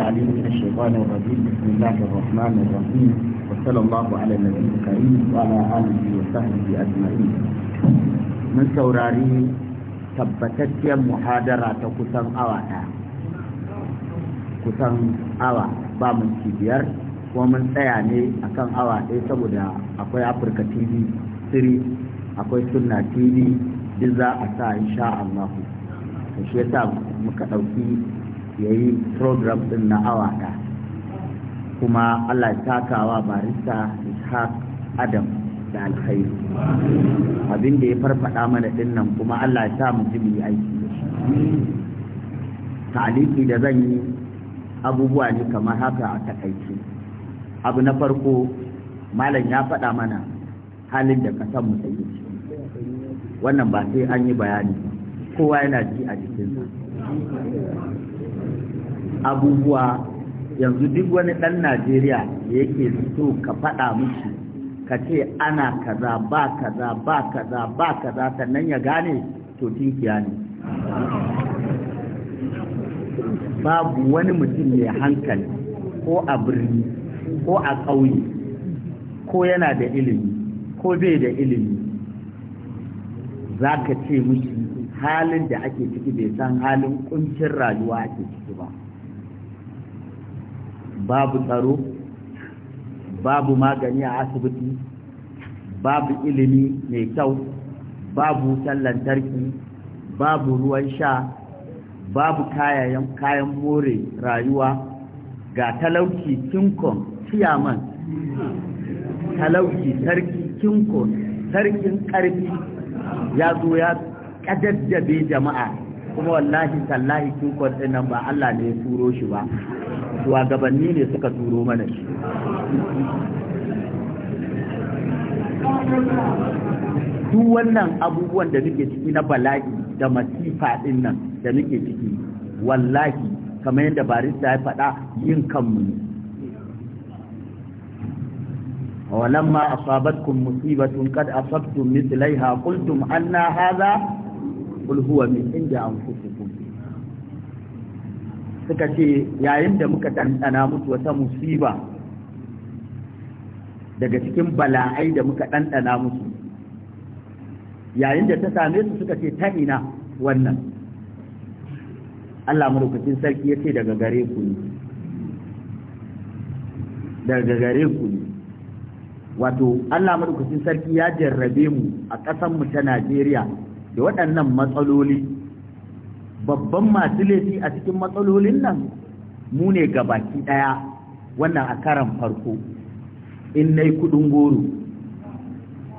التعليم من الشيطان الرجيم بسم الله الرحمن الرحيم وصلى الله على النبي الكريم وعلى آله وصحبه أجمعين من سوراري tabbatacciyar muhadara ta kusan awa ɗaya ba minti biyar kuma mun tsaya ne akan awa ɗaya saboda akwai afirka tv 3 akwai sunna tv duk za a sa insha Allah to shi yasa muka ɗauki ya yi program ɗin na awa ɗaya kuma allah takawa barista ishaq adam da alkhairu abin da ya farfada mana ɗinnan kuma allah ya sa mu ji mu yi aiki da shi ta'aliki da zan yi abubuwa ne kamar haka a takaice abu na farko malam ya faɗa mana halin da kasan mu ciki. wannan ba sai an yi bayani kowa yana ji a jikinsa abubuwa yanzu duk wani ɗan najeriya da yake so ka faɗa musu ka ce ana kaza ba kaza ba kaza ba kaza sannan ya gane to tinkiya ne babu wani mutum mai hankali ko a birni ko a ƙauye ko yana da ilimi ko bai da ilimi za ka ce musu halin da ake ciki bai san halin kuncin rayuwa ake ciki babu tsaro babu magani a asibiti babu ilimi mai kyau babu wutan lantarki babu ruwan sha babu kayan more rayuwa ga talauci kinkon ciyaman talauci sarki kinkon sarkin karfi ya zo ya kadaddabe jama'a kuma wallahi tallahi kinkon ɗin ba Allah ne ya turo shi ba shugabanni ne suka turo mana shi duk wannan abubuwan da muke ciki na bala'i da masifa din nan da muke ciki wallahi kamar yadda barista ya faɗa yin kanmu ne ولما أصابتكم مصيبة قد أصبتم مثليها قلتم أن هذا قل هو من عند أنفسكم suka ce yayin da muka ɗanɗana musu wata musiba daga cikin bala'ai da muka ɗanɗana musu yayin da ta same su suka ce ta ina wannan Allah marukacin sarki ya ce daga gare ku ne daga gare ku ne wato Allah marukacin sarki ya jarrabe mu a ƙasanmu ta Najeriya da waɗannan matsaloli babban masu laifi a cikin matsalolin nan mu ne gabaki ɗaya wannan a karan farko in na yi kudin goro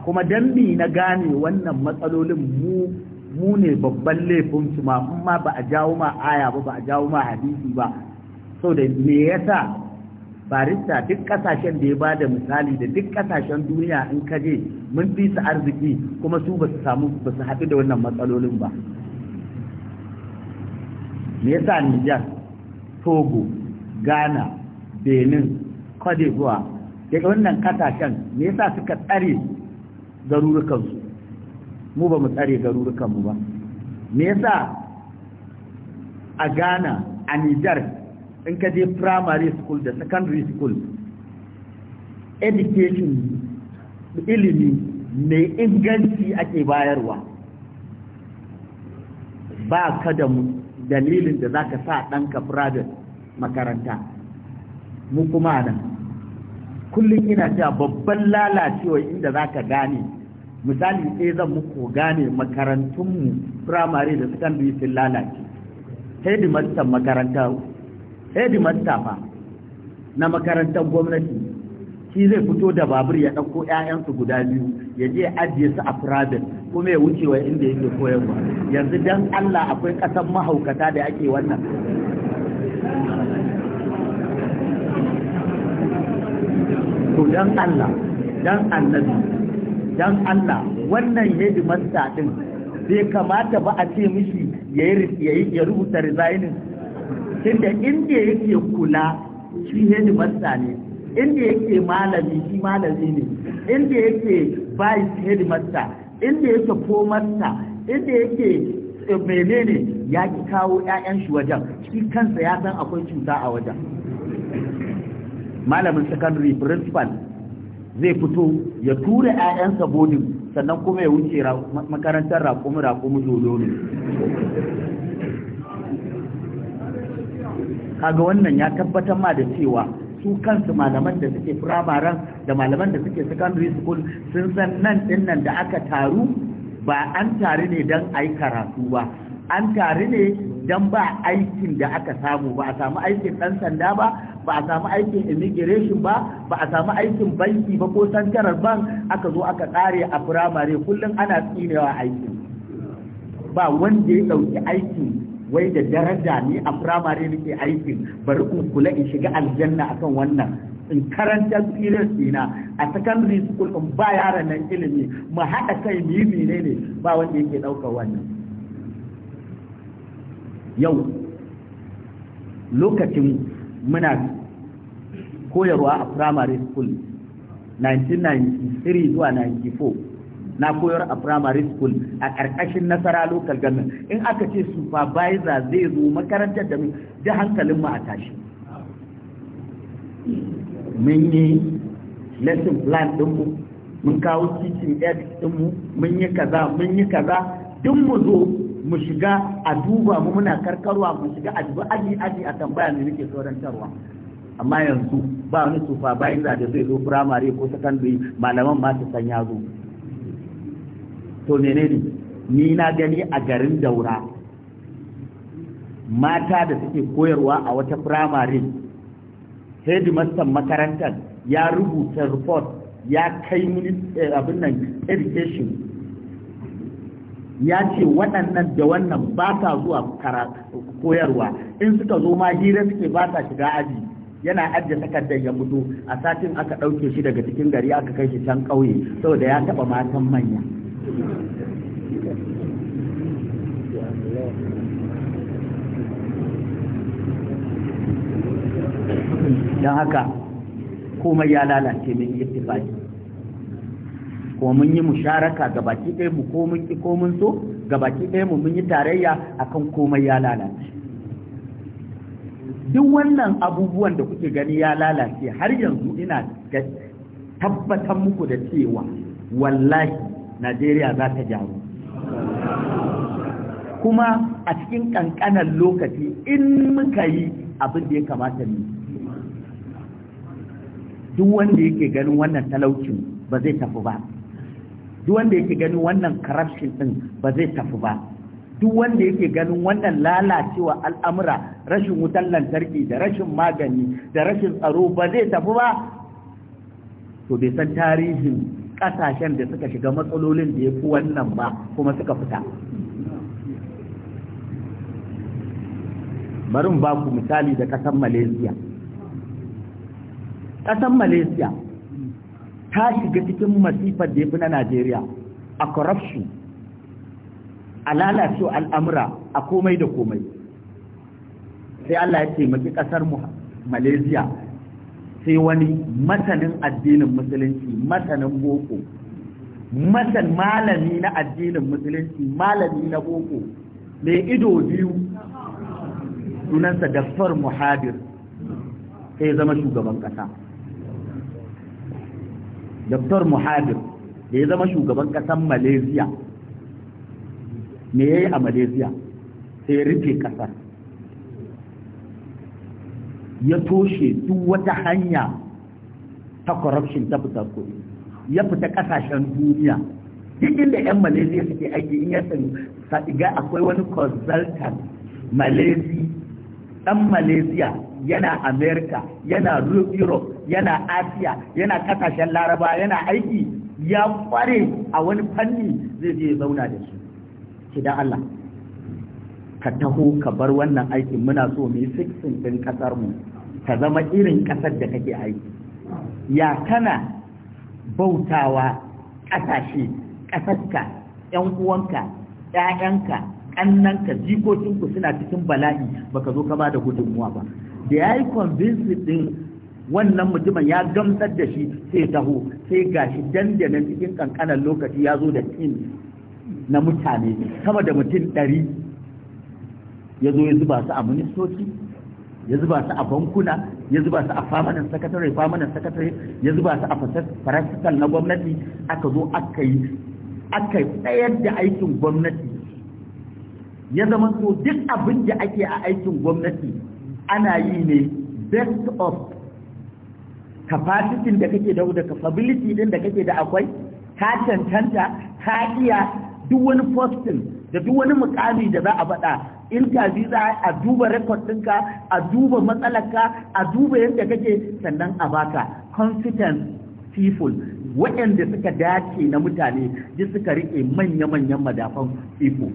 kuma dambi na gane wannan matsalolin mu ne babban laifin su ma ma ba a jawo ma aya ba ba a jawo ma hadisi ba Sau da me yasa barista duk kasashen da ya ba da misali da duk kasashen duniya in kaje mun fi su arziki kuma su ba su samu ba su haɗu da wannan matsalolin ba me yasa niger Togo Ghana Benin Côte d'Ivoire daga wannan kasashen me yasa suka tsare garurukansu mu ba mu tsare garurukanmu ba me yasa a Ghana a Niger in ka je primary school da secondary school education ilimi mai inganci ake bayarwa ba ka da mu dalilin da za ka sa ɗanka private makaranta mu kuma nan kullum ina cewa babban lalacewa inda za ka gane misali sai zan muku gane makarantunmu firamare da secondary sun lalace headmaster makaranta headmaster fa na makarantar gwamnati shi zai fito da babur ya ɗauko ‘ya'yansu guda biyu ya je ajiye su a private kuma ya wuce wa inda yake koyarwa yanzu don Allah akwai ƙasan mahaukata da ake wannan to don Allah don annabi don Allah wannan yadda masta ɗin bai kamata ba a ce mishi ya rubuta resigning tunda inda yake kula shi yadda masta ne inda yake malami shi malami ne inda yake vice headmaster inda yake formaster inda yake eh, menene ya ki kawo 'ya'yan shi wajen shi kansa ya san akwai cuta a wajen malamin secondary principal zai fito ya tura 'ya'yansa boarding sannan kuma ya wuce makarantar rakumi rakumi dodo ne kaga wannan ya tabbatar ma da cewa su kansu malaman da suke firamaren da malaman da suke secondary school sun san nan din nan da aka taru ba an tare ne don a yi karatu ba an tare ne don ba aikin da aka samu ba a samu aikin ɗan sanda ba ba a samu aikin immigration ba ba a samu aikin banki ba ko santarar bank aka zo aka tsare a firamare kullum ana tsinewa aikin ba wanda ya ɗauki aikin wai da daraja ni a firamare nake aikin bari in kula in shiga aljanna akan wannan in karanta experience dina a secondary school in ba yaran nan ilimi mu haɗa kai mu yi menene ba wanda yake ɗaukar wannan yau lokacin muna koyarwa a primary school 1993 zuwa 94 na koyar a primary school a ƙarƙashin nasara local government in aka ce supervisor zai zo makarantar da ji hankalin ma a tashi mun yi lesson plan ɗinmu mun kawo teaching aid ɗinmu mun yi kaza mun yi kaza duk mu zo mu shiga a duba mu muna karkarwa mu shiga a duba aji aji a tambaya ne nake saurantarwa amma yanzu ba wani supervisor da zai zo firamare ko sakandare malaman ma su san ya zo to menene ni na gani a garin daura mata da suke koyarwa a wata firamare headmaster makarantar ya rubuta report ya kai eh, abin nan education ya ce waɗannan da wannan ba ta zuwa koyarwa in suka zo ma hira suke ba ta shiga aji yana ajiye takardar ya fito a satin aka ɗauke shi daga cikin gari aka kai shi can ƙauye saboda ya taɓa matan manya don haka komai ya lalace min ittifaki ko mun yi musharaka ga baki ɗaya mu ko mun ki ko mun so ga baki ɗaya mu mun yi tarayya akan komai ya lalace duk wannan abubuwan da kuke gani ya lalace har yanzu ina tabbatar muku da cewa wallahi najeriya za ta jaru kuma a cikin ƙanƙanan lokaci in muka yi abin da ya kamata ne duk wanda yake ganin wannan talaucin ba zai tafi ba duk wanda yake ganin wannan corruption ɗin ba zai tafi ba duk wanda yake ganin wannan lalacewa al'amura rashin wutan lantarki da rashin magani da rashin tsaro ba zai tafi ba to bai san tarihin ƙasashen da suka shiga matsalolin da ya fi wannan ba kuma suka fita barin ba ku misali da ƙasar malaysia ƙasar malaysia ta shiga cikin masifar da ya fi na najeriya a corruption a lalacewa al'amura a komai da komai sai allah ya taimaki ƙasar malaysia sai wani masanin addinin musulunci masanin boko masan malami na addinin musulunci malami na boko mai ido biyu sunansa dafar muhadir sai zama shugaban kasa daftar muhadir da ya zama shugaban kasan malaysia me ya yi a malaysia sai ya rufe kasar ya toshe duk wata hanya ta corruption ta fita kuɗi ya fita ƙasashen duniya duk inda 'yan malaysia suke aiki in ya sani ga akwai wani consultant malaysia ɗan malaysia yana america yana europe yana asiya yana ƙasashen laraba yana aiki ya kware a wani fanni zai je zauna da shi Ki da allah ka taho ka bar wannan aikin muna so mu yi din ɗin ƙasarmu ka zama irin ƙasar da kake aiki ya kana bautawa ƙasashe ƙasarka ‘yan uwanka ‘ya'yanka ƙannanka jikokinku suna cikin bala'i baka zo ka ba da gudunmuwa ba da ya yi convince ɗin wannan mutumin ya gamsar da shi sai taho sai gashi dandanan cikin ƙanƙanan lokaci ya zo da tim na mutane sama da mutum ɗari ya zo ya zuba su a ministoci ya zuba su a bankuna ya zuba su a famanin sakatare famanan sakatare ya zuba su a farasital na gwamnati aka zo aka yi aka tsayar da aikin gwamnati ya zama so duk abin da ake a aikin gwamnati ana yi ne best of capacity da kake da da capability din da kake da akwai ka cancanta ka iya duk wani posting da duk wani mukami da za a faɗa in ka za a duba record ɗinka a duba matsalarka a duba yadda kake sannan a baka Confident people waɗanda suka dace na mutane ji suka riƙe manya-manyan madafan people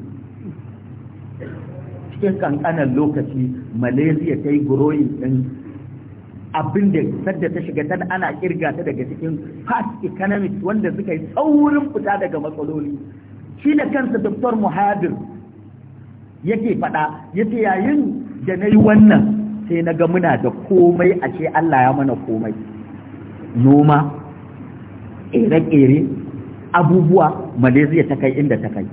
cikin ƙanƙanan lokaci malaysia ta yi growing ɗin abin da sadda ta shiga tana ana kirga ta daga cikin past economics wanda suka yi saurin fita daga matsaloli shi da kansa dr muhadir yake faɗa yake. yayin da na yi wannan sai na ga muna da komai a ce Allah ya mana komai noma ƙere-ƙere abubuwa malaysia ta kai inda ta kai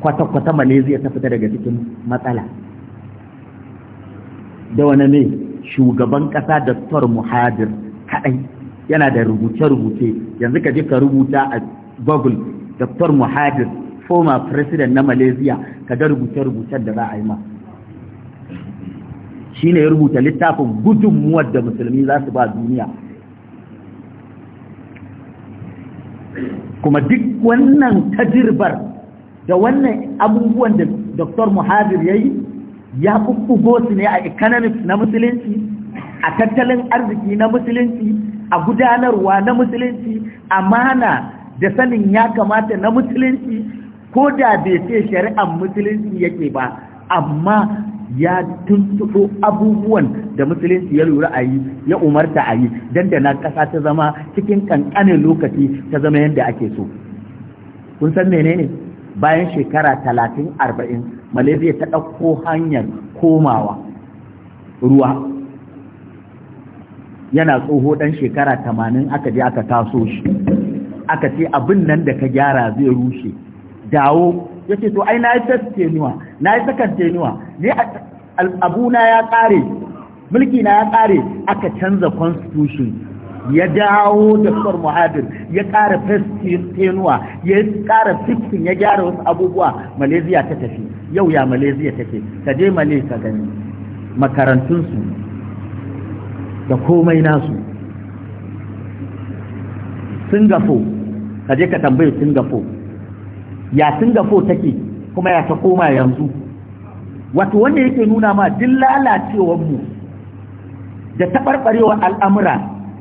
kwata-kwata malaysia ta fita daga cikin matsala da wani ne shugaban ƙasa da tor muhadir kaɗai yana da rubuce-rubuce yanzu ka je ka rubuta a google dr muhajir Koma president na malaysia ka ga rubuce-rubucen da za a yi ma shi ne ya rubuta littafin gudunmuwar da musulmi za su ba duniya kuma duk wannan tajirbar da wannan abubuwan da dr muhajir ya yi ya kukkugo su ne a economics na musulunci a tattalin arziki na musulunci a gudanarwa na musulunci amana da sanin ya kamata na musulunci ko da bai ce shari'ar musulunci yake ba amma ya tuntuɓo abubuwan da musulunci ya lura a yi ya umarta a yi don da na ƙasa ta zama cikin ƙanƙanin lokaci ta zama yadda ake so kun san menene bayan shekara talatin arba'in malaysia ta ɗauko hanyar komawa ruwa yana tsoho ɗan shekara tamanin aka je aka taso shi aka ce abin nan da ka gyara zai rushe dawo ya ce to ai na yi tastenuwa na yi sakantenuwa ne abuna ya tsare mulki na ya tsare aka canza constitution ya dawo da sor muhadir ya ƙara tenuwa ya ƙara fixin ya gyara wasu abubuwa malaysia ta tafi yau ya malaysia take ka je malaysia gani makarantunsu da komai nasu singapore ka je ka tambaye singapore ya singapore take kuma ya ta koma yanzu wato wanda yake nuna ma lalacewar lalacewarmu da taɓarɓarewar al'amura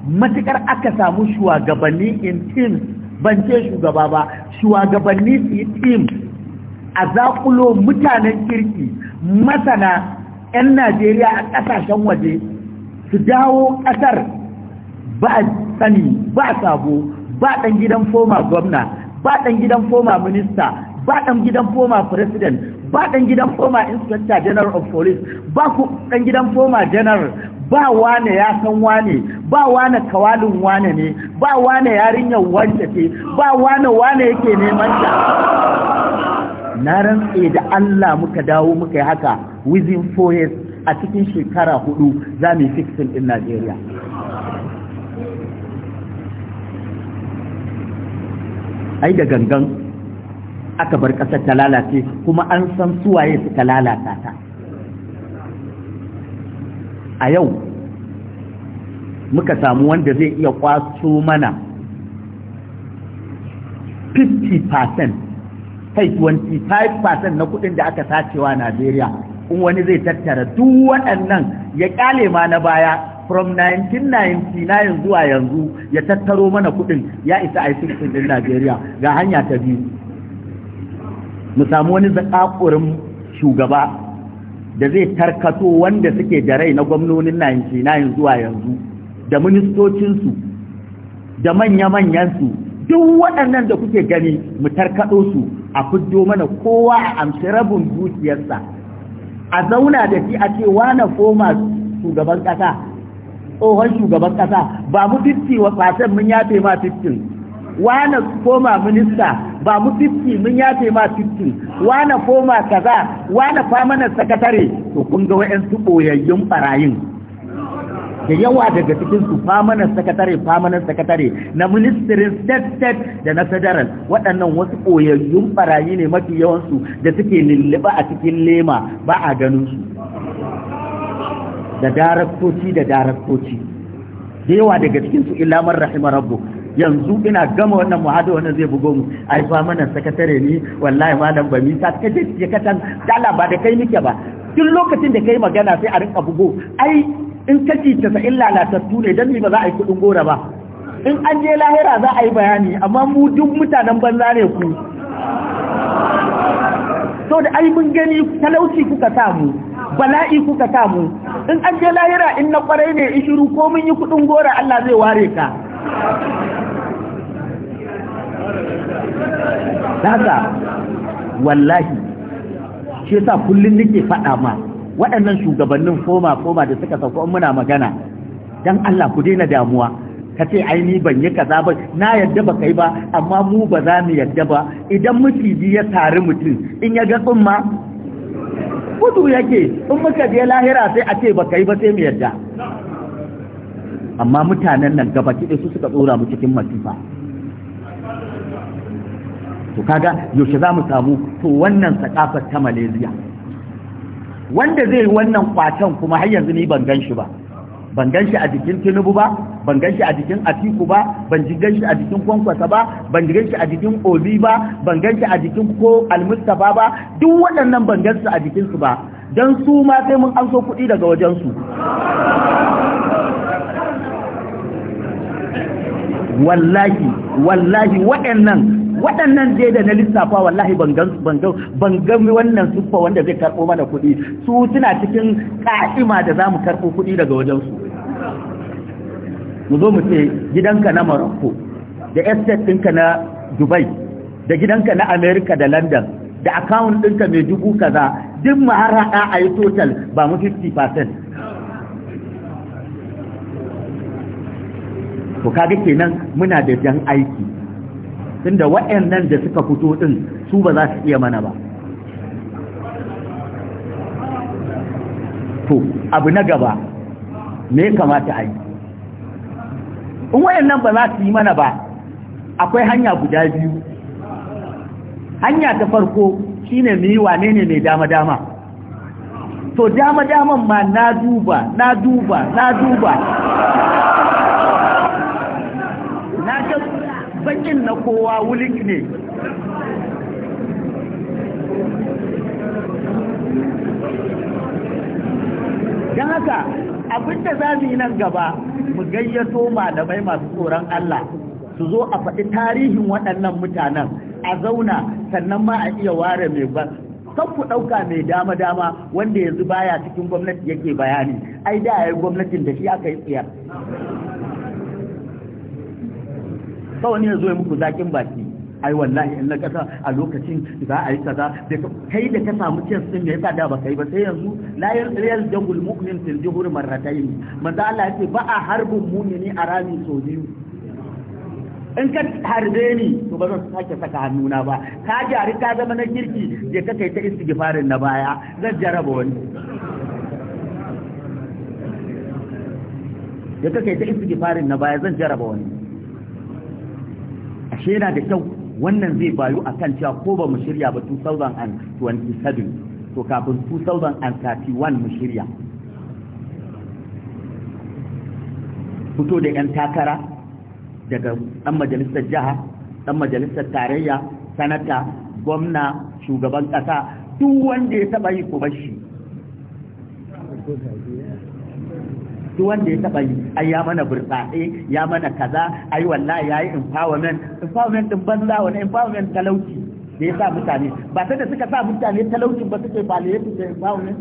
matukar aka samu shugabanni in team ban ce shugaba ba shugabanni su yi team a zaƙulo mutanen kirki masana 'yan najeriya a ƙasashen waje su dawo ƙasar ba sani ba sabo ba ɗan gidan foma gwamna ba ɗan gidan foma minista ba ɗan gidan foma president ba ɗan gidan foma inspector general of police ba ku ɗan gidan foma general ba wane ya san wane ba wane kawalin wane ne ba wane yarinyar wance ce ba wane wane yake neman ta na rantse da Allah muka dawo muka yi haka within four years a cikin shekara hudu za mu yi fixin din Najeriya ai da gangan aka bar ƙasar ta lalace kuma an san suwaye suka lalata ta a yau muka samu wanda zai iya kwaso mana 50% kai 25% na kudin da aka sacewa Najeriya in wani zai tattara duk waɗannan ya kyale ma na baya from 1999 zuwa yanzu ya tattaro mana kudin ya isa a yi din Najeriya ga hanya ta biyu mu samu wani zakakurin shugaba da zai tarkato wanda suke da rai na gwamnonin 99 zuwa yanzu da ministocinsu da manya-manyansu duk waɗannan da kuke gani mu tarkato su a fiddo mana kowa a amshi rabin dukiyarsa a zauna da shi a ce wane koma shugaban ƙasa tsohon shugaban kasa ba mu 50 wa kwasan mun yafe ma 50 wane koma minista ba mu 50 mun yafe ma 50 wane koma kaza wane famana sakatare to kun ga su ɓoyayyun barayin da yawa daga cikin su famana sakatare famanan sakatare na ministerin state state da na federal waɗannan wasu koyayyun barayi ne mafi yawansu da suke lulluɓa a cikin lema ba a ganin su da daraktoci da daraktoci da yawa daga cikin su illa man rahima rabbu yanzu ina gama wannan muhadu wannan zai bugo mu ai fa mana sakatare ne wallahi malam ba mi ta kaje ke katan dala ba da kai nike ba duk lokacin da kai magana sai a rinka bugo ai in kaci illa lalatattu ne dan ni ba za a yi kudin gora ba in an je lahira za a yi bayani amma mu duk mutanen banza ne ku so da ai mun gani talauci kuka samu bala'i kuka mu. in an je lahira in na kwarai ne in shiru ko mun yi kudin gora Allah zai ware ka Daga wallahi shi yasa kullun nake faɗa ma waɗannan shugabannin foma foma da suka sauko muna magana dan Allah ku daina damuwa ka ce ai ban yi kaza ba na yadda ba kai ba amma mu ba za mu yadda ba idan ji ya tari mutum in ya ga tsumma gudu yake in muka je lahira sai a ce ba kai ba sai mu yarda amma mutanen nan gaba kiɗe su suka tsora mu cikin masifa to kaga yaushe za mu samu to wannan sakafar ta malaysia wanda zai yi wannan kwacen kuma har yanzu ni ban gan shi ba ban gan shi a jikin tinubu ba ban gan shi a jikin atiku ba ban ji gan shi a jikin kwankwasa ba ban gan shi a jikin obi ba ban gan shi a jikin ko almustafa ba duk waɗannan ban gan su a jikin su ba don su ma sai mun an so kuɗi daga wajen su wallahi wallahi waɗannan waɗannan dai da na lissafa wallahi ban gami wannan suffa wanda zai karɓo mana kuɗi su suna cikin ƙa'ima da za mu karɓo kuɗi daga wajensu mu zo mu ce gidanka na morocco da estate ɗinka na dubai da gidanka na america da london da account ɗinka mai dubu kaza duk mu har haɗa a yi total ba mu 50% ko kaga kenan muna da jan aiki tunda waɗannan da suka fito din su ba za su iya mana ba to abu na gaba me kamata a yi in waɗannan ba za su yi mana ba akwai hanya guda biyu hanya ta farko shine mu wane ne mai dama-dama to dama-daman ma na duba na duba na duba na sakin na kowa wulik ne don haka abinda za mu yi nan gaba mu gayyato malamai masu tsoron Allah su zo a faɗi tarihin waɗannan mutanen a zauna sannan ma a iya ware mai ba kan ku ɗauka mai dama-dama wanda yanzu baya cikin gwamnati yake bayani ai da ya gwamnatin da shi aka yi tsiyar kawai ne zo ya muku zakin baki ai wallahi in na kasa a lokacin za a yi kaza kai da ka samu cin sun me yasa da ba kai ba sai yanzu la yaryal jangul mu'min fil juhur marratayn manzo Allah yace ba a harbin mu'mini a rami so biyu in ka harbe ni to ba zan sake saka hannuna ba ka jari ka zama na kirki je ka kai ta istighfarin na baya zan jaraba wani je ka kai ta istighfarin na baya zan jaraba wani ashe yana da kyau wannan zai bayu a kan cewa ko ba mu shirya ba 2027 to kafin 2031 mu shirya fito da 'yan takara daga ɗan majalisar jiha ɗan majalisar tarayya sanata gwamna shugaban ƙasa duk wanda ya taɓa yi ku bashi duk wanda ya taba yi ai ya mana burtsaɗe ya mana kaza ai wallahi yayi empowerment empowerment din banza wani empowerment talauci da ya sa mutane ba sai da suka sa mutane talaucin ba suke faliye su da empowerment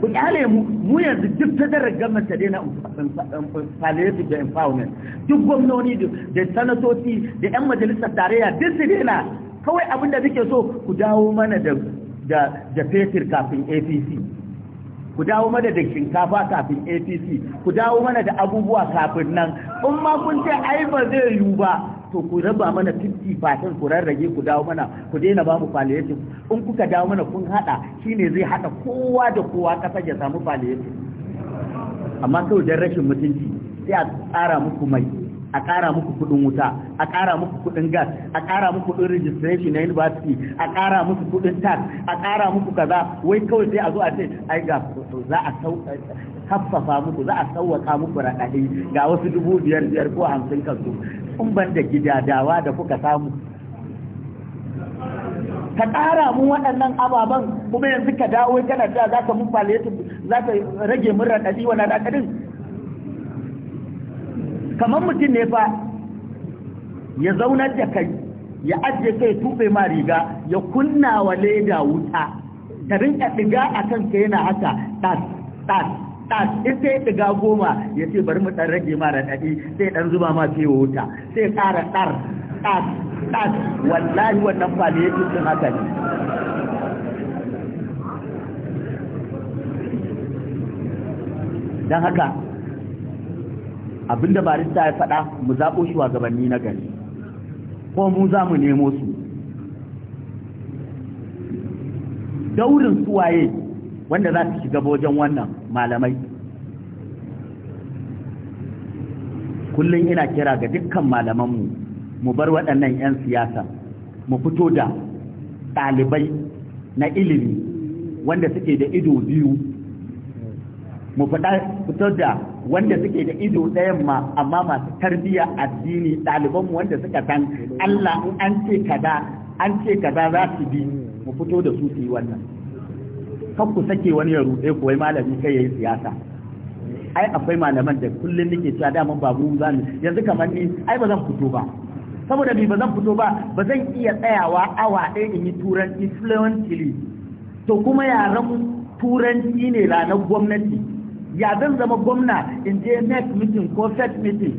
ku kyale mu mu yanzu duk ta daraga gwamnati ta daina palliative da empowerment duk gwamnoni da sanatoci da yan majalisar tarayya duk su daina kawai abinda da suke so ku dawo mana da da fetur kafin apc ku dawo mana da shinkafa kafin apc ku dawo mana da abubuwa kafin nan in ma kun ce ai ba zai yiwu ba to ku raba mana 50 fatan ku rarrage ku dawo mana ku daina ba mu palliative in kuka dawo mana kun haɗa shi ne zai haɗa kowa da kowa ƙasa ya samu palliative amma kawai don rashin mutunci sai a tsara muku mai a ƙara muku kuɗin wuta a ƙara muku kuɗin gas a ƙara muku kuɗin registration na university a ƙara muku kuɗin tax a ƙara muku kaza wai kawai sai a zo a ce ai ga za a haffafa muku za a sauwaka muku raɗaɗi ga wasu dubu biyar biyar ko hamsin kansu in ban da gidadawa da kuka samu ka ƙara mun waɗannan ababen kuma yanzu ka dawo kana cewa za ka mun faliyatin za ka rage mun raɗaɗi wani raɗaɗin kamar mutum ne fa ya zaunar da kai ya ajiye kai tufe ma riga ya kunna wa leda wuta ta rinka diga a ka yana haka tas tas tas in sai diga goma ya ce bari mu dan rage ma raɗaɗi sai dan zuba ma fiye wuta sai ƙara tsar tas tas wallahi wannan fa ne yake cin haka ne dan haka abinda barista ya faɗa mu zaɓo shi wa gabanni na gari ko mu za mu nemo su daurin suwaye wanda za su shiga bojan wannan malamai kullum ina kira ga dukkan malamanmu mu bar waɗannan 'yan siyasa mu fito da ɗalibai na ilimi wanda suke da ido biyu mu faɗa fitar da wanda suke da ido ɗayan ma amma masu tarbiyya addini mu wanda suka san Allah in an ce kaza an ce kaza za su bi mu fito da su su yi wannan kan ku sake wani ya ruɗe ku wai malami kai yayi siyasa ai akwai malaman da kullum nake cewa daman babu mu za yanzu kamar ni ai ba zan fito ba saboda bi ba zan fito ba ba zan iya tsayawa awa ɗaya in yi turanci fluently to kuma yaran turanci ne ranar gwamnati ya zan zama gwamna in je net meeting ko set meeting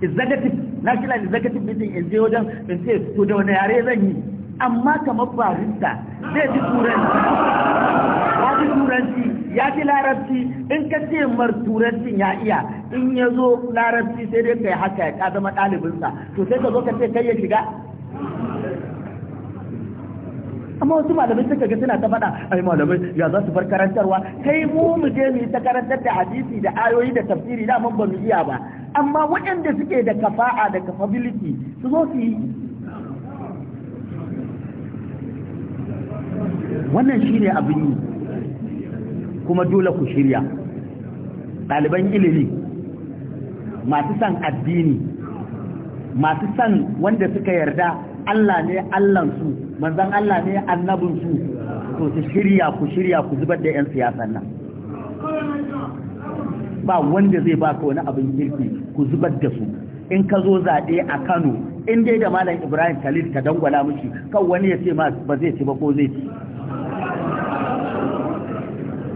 executive national executive meeting in je wajen in ce to da wani yare zan yi amma kamar barista zai ji turanci ya ji turanci ya ji larabci in ka ce mar turancin ya iya in ya zo larabci sai dai kai haka ya zama ɗalibinsa to sai ka zo ka ce kai ya shiga amma wasu malamai suka ga suna ta faɗa ai malamai ya za su bar karantarwa kai mu mu je mu yi ta karantar da hadisi da ayoyi da tafsiri da mun ba mu iya ba amma waɗanda suke da kafa'a da capability su zo su yi wannan shine abin yi kuma dole ku shirya ɗaliban ilimi masu san addini masu san wanda suka yarda Allah ne Allahnsu manzan Allah ne annabin su to su shirya ku shirya ku zubar da 'yan siyasan nan ba wanda zai ba ka wani abin kirki ku zubar da su in ka zo zaɓe a Kano in dai da Malam Ibrahim Khalil ka dangwala mishi kan wani ya ce ma ba zai ci ba ko zai ci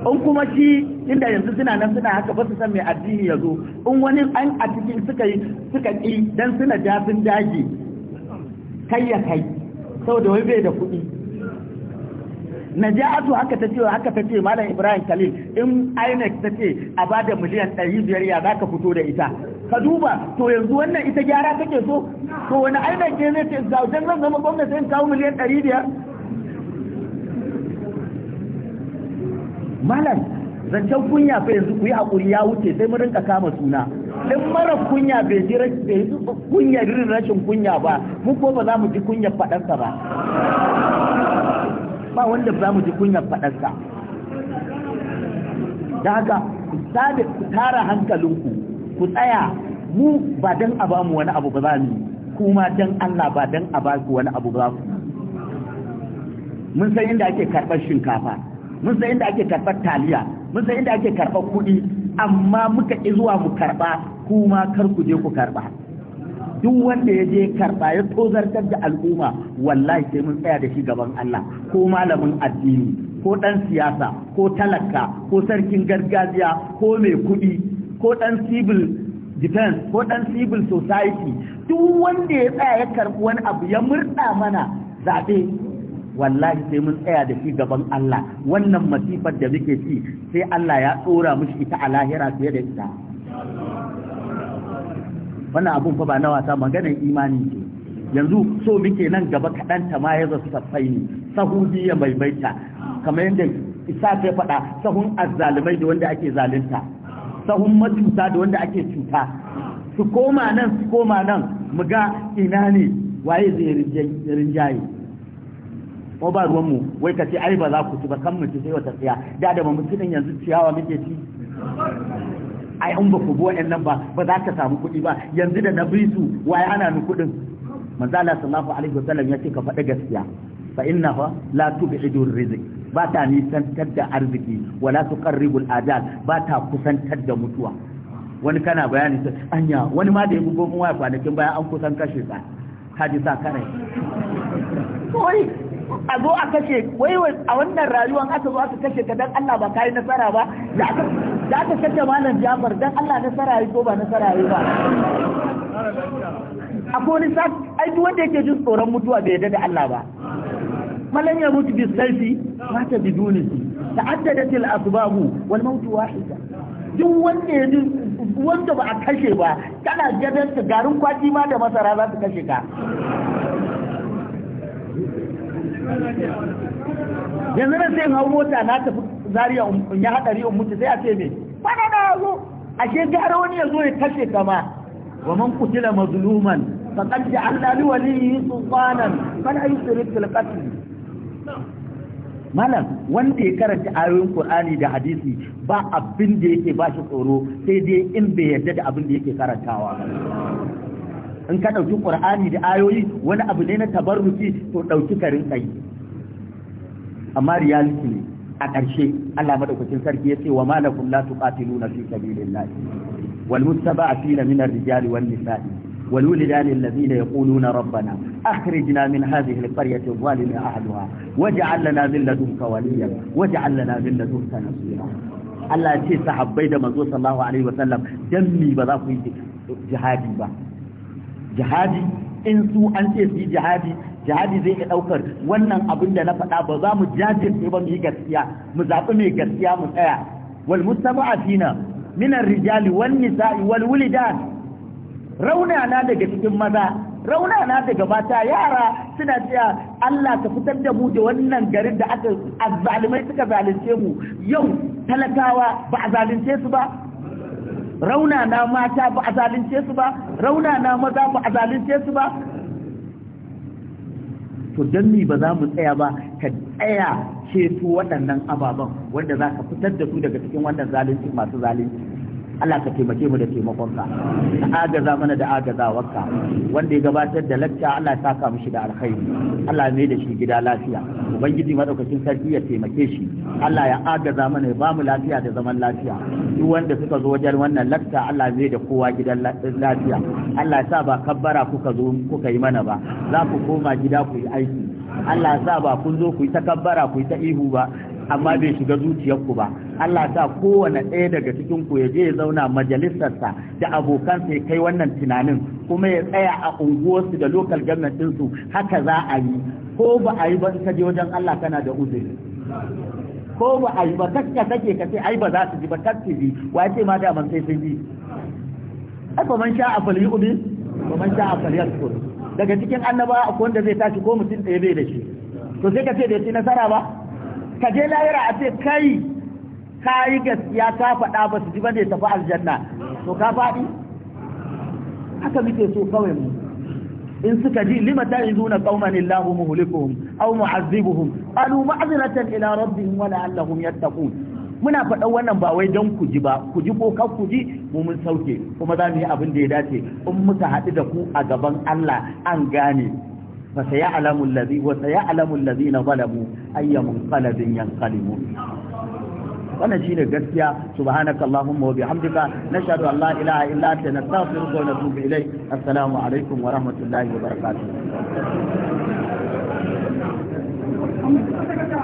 in kuma shi inda yanzu suna nan suna haka ba su san mai addini ya zo in wani an a cikin suka yi suka ƙi dan suna jafin daji kai ya kai saboda wai bai da kuɗi naja'atu haka ta ce haka ta ce malam ibrahim khalil in inec ta ce a bada miliyan ɗari biyar ya za ka fito da ita ka duba to yanzu wannan ita gyara kake so to wani inec ne zai ce zaujen zan zama gwamnati sai kawo miliyan ɗari biyar malam zancen kunya fa yanzu ku yi haƙuri ya wuce sai mu rinka kama suna in mara kunya bai ji kunya irin rashin kunya ba mu ko ba za mu ji kunya faɗarsa ba ba wanda za mu ji kunya faɗarsa da haka ku sabe ku tara hankalinku ku tsaya mu ba dan a ba mu wani abu ba za mu kuma don Allah ba dan a ba ku wani abu ba ku mun san inda ake karɓar shinkafa mun san inda ake karɓar taliya mun san inda ake karɓar kuɗi amma muka ƙi zuwa mu karɓa kuma kar ku je ku karɓa duk wanda ya je karɓa ya tozartar da al'umma wallahi sai mun tsaya da shi gaban Allah ko malamin addini ko ɗan siyasa ko talaka ko sarkin gargajiya ko mai kuɗi ko ɗan civil defense ko ɗan civil society duk wanda ya tsaya ya karɓi wani abu ya murɗa mana zaɓe wallahi sai mun tsaya da shi gaban Allah wannan masifar da muke ci sai Allah ya tsora mushi ita a lahira fiye da ita wannan abun fa ba na wasa maganar imani ce yanzu so muke nan gaba kaɗan ta ma ya su tafai ne sahudiya ya maimaita kamar yadda isa ta faɗa sahun azzalumai da wanda ake zalunta sahun matuta da wanda ake cuta su koma nan su koma nan mu ga ina ne waye zai rinjaye ko ba ruwanmu wai ka ce ai ba za ku ci ba kan mu ci sai wata tsiya da da mu yanzu ciyawa muke ci ai an ba ku bo nan ba ba za ka samu kuɗi ba yanzu da na bi su waye ana ni kuɗin manzo Allah sallallahu alaihi wasallam ya ce ka faɗi gaskiya fa fa la tub'idu rizq ba ta nisantar da arziki wala tuqarribul ajal ba ta kusantar da mutuwa wani kana bayani sai anya wani ma da ya bugo mun waya kwanakin bayan an kusan kashe sa hadisa sa kare koi a zo a kashe wai a wannan rayuwan aka zo aka kashe ka dan Allah ba kai nasara ba Za ka kashe malam Jafar dan Allah nasara yi ko ba nasara yi ba akwai wani sa ai duk wanda yake jin tsoron mutuwa bai yarda da Allah ba malam ya mutu bisaifi mata biduni ta'addadat al-asbabu wal maut wahida duk wanda yake wanda ba a kashe ba kana gadar garin kwaji ma da masara za su kashe ka yanzu na sai hau mota na tafi zariya in ya haɗari in mutu sai a ce me bana na zo ashe gara wani ya zo ya kashe kama wa man kutila mazluman faqad ja'alna li waliyyi sultanan fala yusrif fil qatl malam wanda ya karanta ayoyin Qur'ani da hadisi ba abin da yake ba shi tsoro sai dai in bai yarda da abin da yake karantawa in ka ɗauki ƙur'ani da ayoyi wani abu ne na tabarruki to ɗauki karin rinka amma reality ne a ƙarshe Allah madaukakin sarki ya ce wa malakum la tuqatiluna fi sabilillah wal mustaba'ina min ar-rijali wan nisa'i والولدان الذين يقولون ربنا أخرجنا من هذه القرية الظالم أهلها واجعل لنا من لدنك وليا واجعل لنا min لدنك نصيرا Allah ya ce sahabbai da manzo sallallahu alaihi wasallam dan ba za ku yi jihadi ba jihadi in su an ce su yi jihadi jihadi zai iya ɗaukar wannan abin da na faɗa ba za mu jajirce ba mu yi gaskiya mu zaɓi mai gaskiya mu tsaya wal mustafa fina minan rijali wan nisa'i wal wulidan raunana daga cikin maza raunana daga mata yara suna cewa Allah ka fitar da mu da wannan garin da aka azzalimai suka zalunce mu yau talakawa ba a zalunce su ba rauna na mata ba a zalunce su ba rauna na maza ba a zalunce su ba to don ni ba za mu tsaya ba ka tsaya ceto waɗannan ababen wanda za ka fitar da su daga cikin wannan zalunci masu zalunci Allah ka taimake mu da taimakonka ka agaza mana da agazawarka wanda ya gabatar da lacca Allah ya saka mishi da alkhairi Allah mai da shi gida lafiya ubangiji madaukakin sarki ya taimake shi Allah ya agaza mana ya ba mu lafiya da zaman lafiya duk wanda suka zo wajen wannan lacca Allah mai da kowa gidan lafiya Allah ya sa ba kabbara kuka zo kuka yi mana ba za ku koma gida ku yi aiki Allah ya sa ba kun zo ku yi ta kabbara ku yi ta ihu ba amma bai shiga zuciyarku ba Allah sa kowane ɗaya daga cikin ku ya je ya zauna majalisarsa da abokansa ya kai wannan tunanin kuma ya tsaya a unguwarsu da local government su haka za a yi ko ba a yi ba ka je wajen Allah kana da uzuri ko ba a yi ba kaska take ka ce ai ba za su ji ba kaske ji wa ce ma da man sai sun ji ai ba man sha a fali ubi ba man sha a fali yaskur daga cikin annaba akwai wanda zai tashi ko mutum ɗaya bai da shi to sai ka ce da ci nasara ba ka je lahira a ce kai ka yi gaskiya ka faɗa ba su ji ba ne tafi aljanna to ka faɗi haka muke so kawai mu in suka ji lima ta yi zuna kauman illahu muhlikuhum aw mu'azzibuhum qalu ma'ziratan ila rabbihim wa la'allahum yattaqun muna faɗa wannan ba wai don ku ji ba ku ji ko ku ji mu mun sauke kuma za mu yi abin da ya dace in muka haɗu da ku a gaban Allah an gane فسيعلم الذي وسيعلم الذين ظلموا اي منقلب ينقلبون wannan shine gaskiya subhanaka allahumma wa bihamdika nashhadu an la ilaha illa anta nastaghfiruka wa natubu ilai assalamu alaikum wa rahmatullahi wa barakatuh